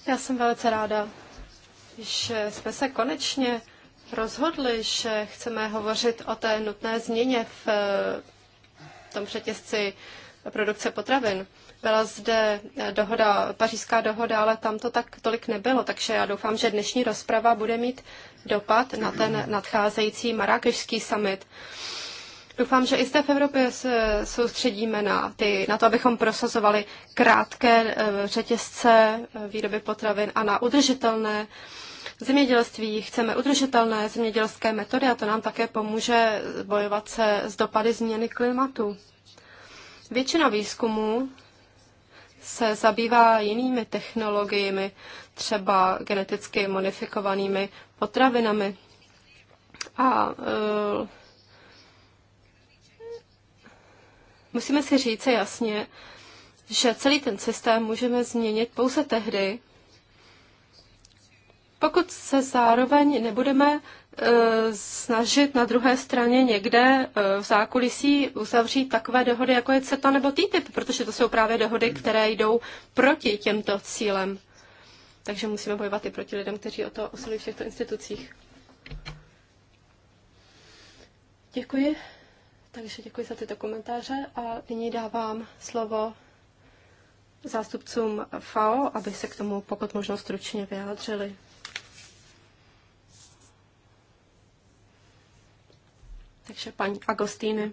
Já jsem velice ráda, že jsme se konečně rozhodli, že chceme hovořit o té nutné změně v eh, tom řetězci produkce potravin. Byla zde eh, dohoda, pařížská dohoda, ale tam to tak tolik nebylo, takže já doufám, že dnešní rozprava bude mít dopad na ten nadcházející marakešský summit. Doufám, že i zde v Evropě se soustředíme na, ty, na to, abychom prosazovali krátké eh, řetězce eh, výroby potravin a na udržitelné zemědělství. Chceme udržitelné zemědělské metody a to nám také pomůže bojovat se s dopady změny klimatu. Většina výzkumů se zabývá jinými technologiemi, třeba geneticky modifikovanými potravinami. A eh, Musíme si říct jasně, že celý ten systém můžeme změnit pouze tehdy, pokud se zároveň nebudeme eh, snažit na druhé straně někde eh, v zákulisí uzavřít takové dohody, jako je CETA nebo TTIP, protože to jsou právě dohody, které jdou proti těmto cílem. Takže musíme bojovat i proti lidem, kteří o to usilují v těchto institucích. Děkuji. Takže děkuji za tyto komentáře a nyní dávám slovo zástupcům FAO, aby se k tomu pokud možno stručně vyjádřili. Takže paní Agostýny.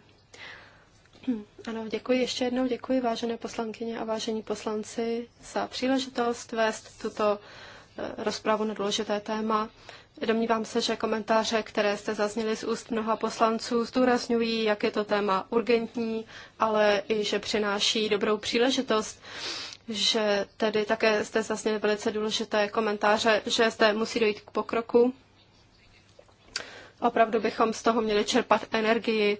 Ano, děkuji ještě jednou, děkuji vážené poslankyně a vážení poslanci za příležitost vést tuto Eh, rozpravu na důležité téma. Domnívám se, že komentáře, které jste zazněli z úst mnoha poslanců, zdůrazňují, jak je to téma urgentní, ale i že přináší dobrou příležitost že tedy také jste zazněly velice důležité komentáře, že zde musí dojít k pokroku. Opravdu bychom z toho měli čerpat energii.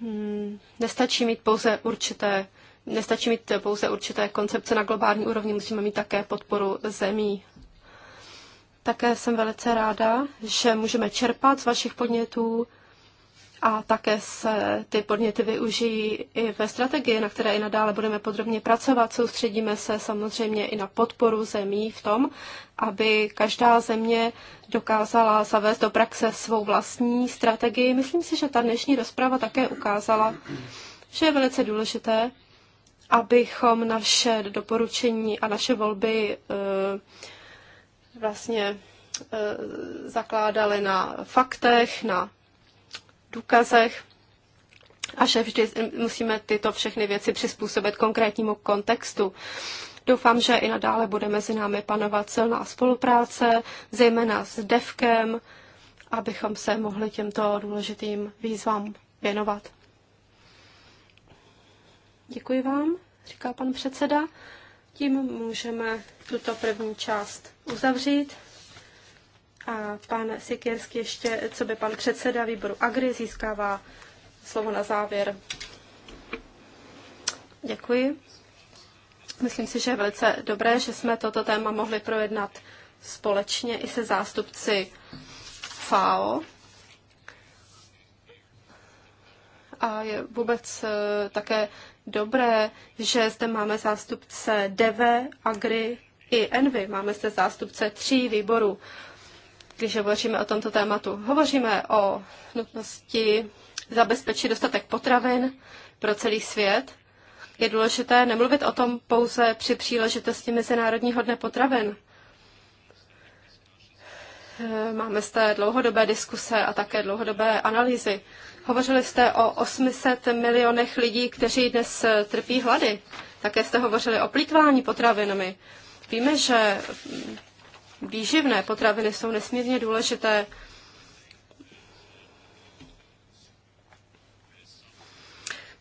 Hmm, nestačí mít pouze určité Nestačí mít pouze určité koncepce na globální úrovni, musíme mít také podporu zemí. Také jsem velice ráda, že můžeme čerpat z vašich podnětů a také se ty podněty využijí i ve strategii, na které i nadále budeme podrobně pracovat. Soustředíme se samozřejmě i na podporu zemí v tom, aby každá země dokázala zavést do praxe svou vlastní strategii. Myslím si, že ta dnešní rozprava také ukázala, že je velice důležité, abychom naše doporučení a naše volby eh, vlastně eh, zakládali na faktech, na důkazech a že vždy musíme tyto všechny věci přizpůsobit konkrétnímu kontextu. Doufám, že i nadále bude mezi námi panovat silná spolupráce, zejména s DEVkem, abychom se mohli těmto důležitým výzvám věnovat. Děkuji vám, říká pan předseda. Tím můžeme tuto první část uzavřít. A pan Sikierský ještě, co by pan předseda výboru Agri, získává slovo na závěr. Děkuji. Myslím si, že je velice dobré, že jsme toto téma mohli projednat společně i se zástupci FAO. a je vůbec eh, také dobré, že zde máme zástupce DV, AGRI i ENVY. Máme zde zástupce tří výborů, když hovoříme o tomto tématu. Hovoříme o nutnosti zabezpečit dostatek potravin pro celý svět. Je důležité nemluvit o tom pouze při příležitosti Mezinárodního dne potravin. Eh, máme zde dlouhodobé diskuse a také dlouhodobé analýzy. Hovořili jste o 800 milionech lidí, kteří dnes eh, trpí hlady. Také jste hovořili o plítvání potravinami. Víme, že hm, výživné potraviny jsou nesmírně důležité.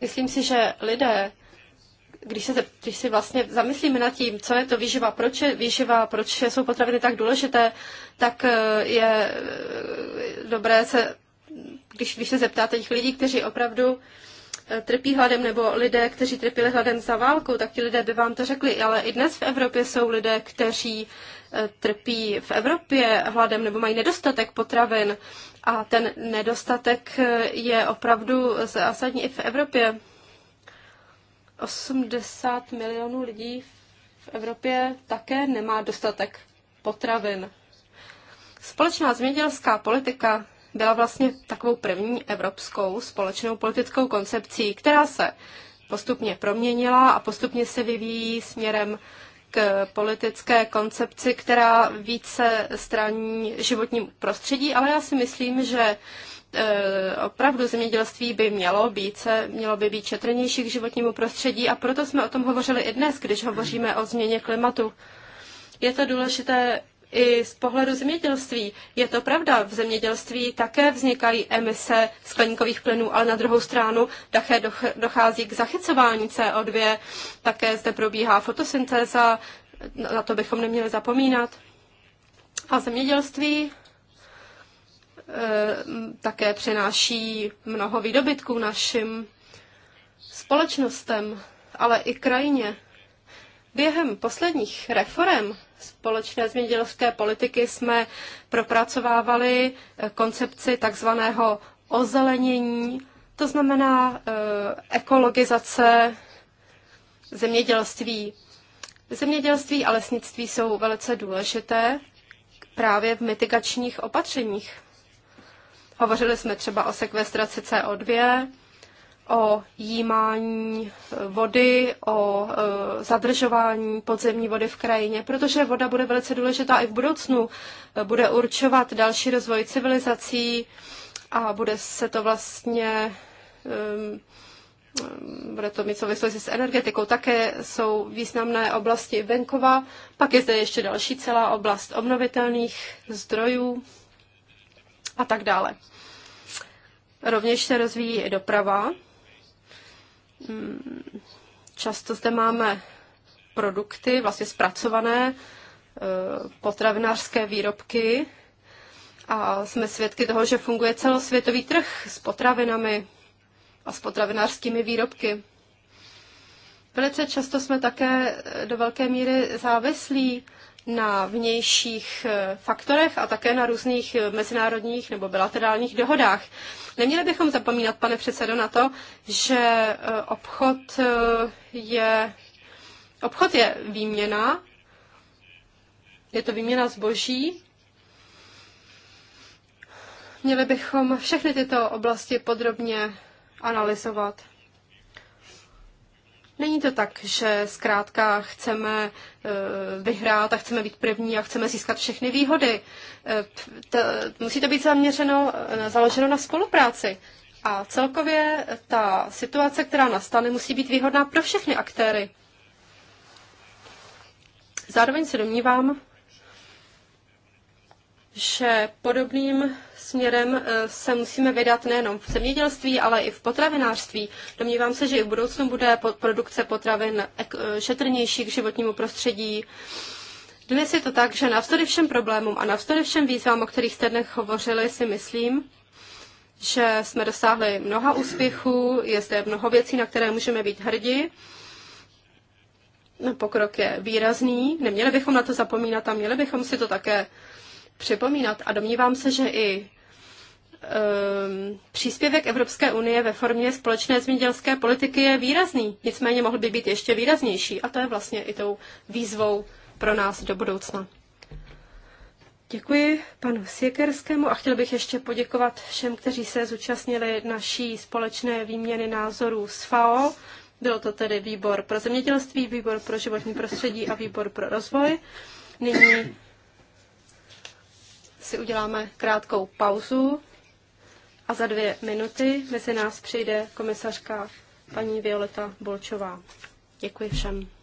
Myslím si, že lidé, když, se, když si vlastně zamyslíme nad tím, co je to výživa, proč je výživa, proč jsou potraviny tak důležité, tak eh, je eh, dobré se když, když se zeptáte těch lidí, kteří opravdu eh, trpí hladem, nebo lidé, kteří trpěli hladem za válkou, tak ti lidé by vám to řekli. Ale i dnes v Evropě jsou lidé, kteří eh, trpí v Evropě hladem nebo mají nedostatek potravin. A ten nedostatek eh, je opravdu zásadní i v Evropě. 80 milionů lidí v Evropě také nemá dostatek potravin. Společná zemědělská politika byla vlastně takovou první evropskou společnou politickou koncepcí, která se postupně proměnila a postupně se vyvíjí směrem k politické koncepci, která více straní životním prostředí, ale já si myslím, že e, opravdu zemědělství by mělo být, se, mělo by být četrnější k životnímu prostředí a proto jsme o tom hovořili i dnes, když hovoříme o změně klimatu. Je to důležité i z pohledu zemědělství. Je to pravda, v zemědělství také vznikají emise skleníkových plynů, ale na druhou stranu také dochází k zachycování CO2, také zde probíhá fotosyntéza, na to bychom neměli zapomínat. A zemědělství e, také přináší mnoho výdobytků našim společnostem, ale i krajině. Během posledních reform společné zemědělské politiky jsme propracovávali eh, koncepci takzvaného ozelenění, to znamená eh, ekologizace zemědělství. Zemědělství a lesnictví jsou velice důležité právě v mitigačních opatřeních. Hovořili jsme třeba o sekvestraci CO2, o jímání e, vody, o e, zadržování podzemní vody v krajině, protože voda bude velice důležitá i v budoucnu. E, bude určovat další rozvoj civilizací a bude se to vlastně bude to mít souvislosti s energetikou, také jsou významné oblasti venkova, pak je zde ještě další celá oblast obnovitelných zdrojů a tak dále. Rovněž se rozvíjí i doprava, Často zde máme produkty, vlastně zpracované eh, potravinářské výrobky a jsme svědky toho, že funguje celosvětový trh s potravinami a s potravinářskými výrobky. Velice často jsme také do velké míry závislí na vnějších eh, faktorech a také na různých eh, mezinárodních nebo bilaterálních dohodách. Neměli bychom zapomínat, pane předsedo, na to, že eh, obchod je, obchod je výměna, je to výměna zboží. Měli bychom všechny tyto oblasti podrobně analyzovat. Není to tak, že zkrátka chceme eh, vyhrát a chceme být první a chceme získat všechny výhody. Eh, musí to být zaměřeno, eh, založeno na spolupráci. A celkově ta situace, která nastane, musí být výhodná pro všechny aktéry. Zároveň se domnívám, že podobným směrem eh, se musíme vydat nejenom v zemědělství, ale i v potravinářství. Domnívám se, že i v budoucnu bude produkce potravin eh, šetrnější k životnímu prostředí. Dnes je to tak, že navzdory všem problémům a navzdory všem výzvám, o kterých jste dnes hovořili, si myslím, že jsme dosáhli mnoha úspěchů, je zde mnoho věcí, na které můžeme být hrdí. Pokrok je výrazný, neměli bychom na to zapomínat a měli bychom si to také připomínat a domnívám se, že i um, příspěvek Evropské unie ve formě společné zemědělské politiky je výrazný, nicméně mohl by být ještě výraznější a to je vlastně i tou výzvou pro nás do budoucna. Děkuji panu Siekerskému a chtěl bych ještě poděkovat všem, kteří se zúčastnili naší společné výměny názorů s FAO. Bylo to tedy výbor pro zemědělství, výbor pro životní prostředí a výbor pro rozvoj. Nyní si uděláme krátkou pauzu a za dvě minuty mezi nás přijde komisařka paní Violeta Bolčová. Děkuji všem.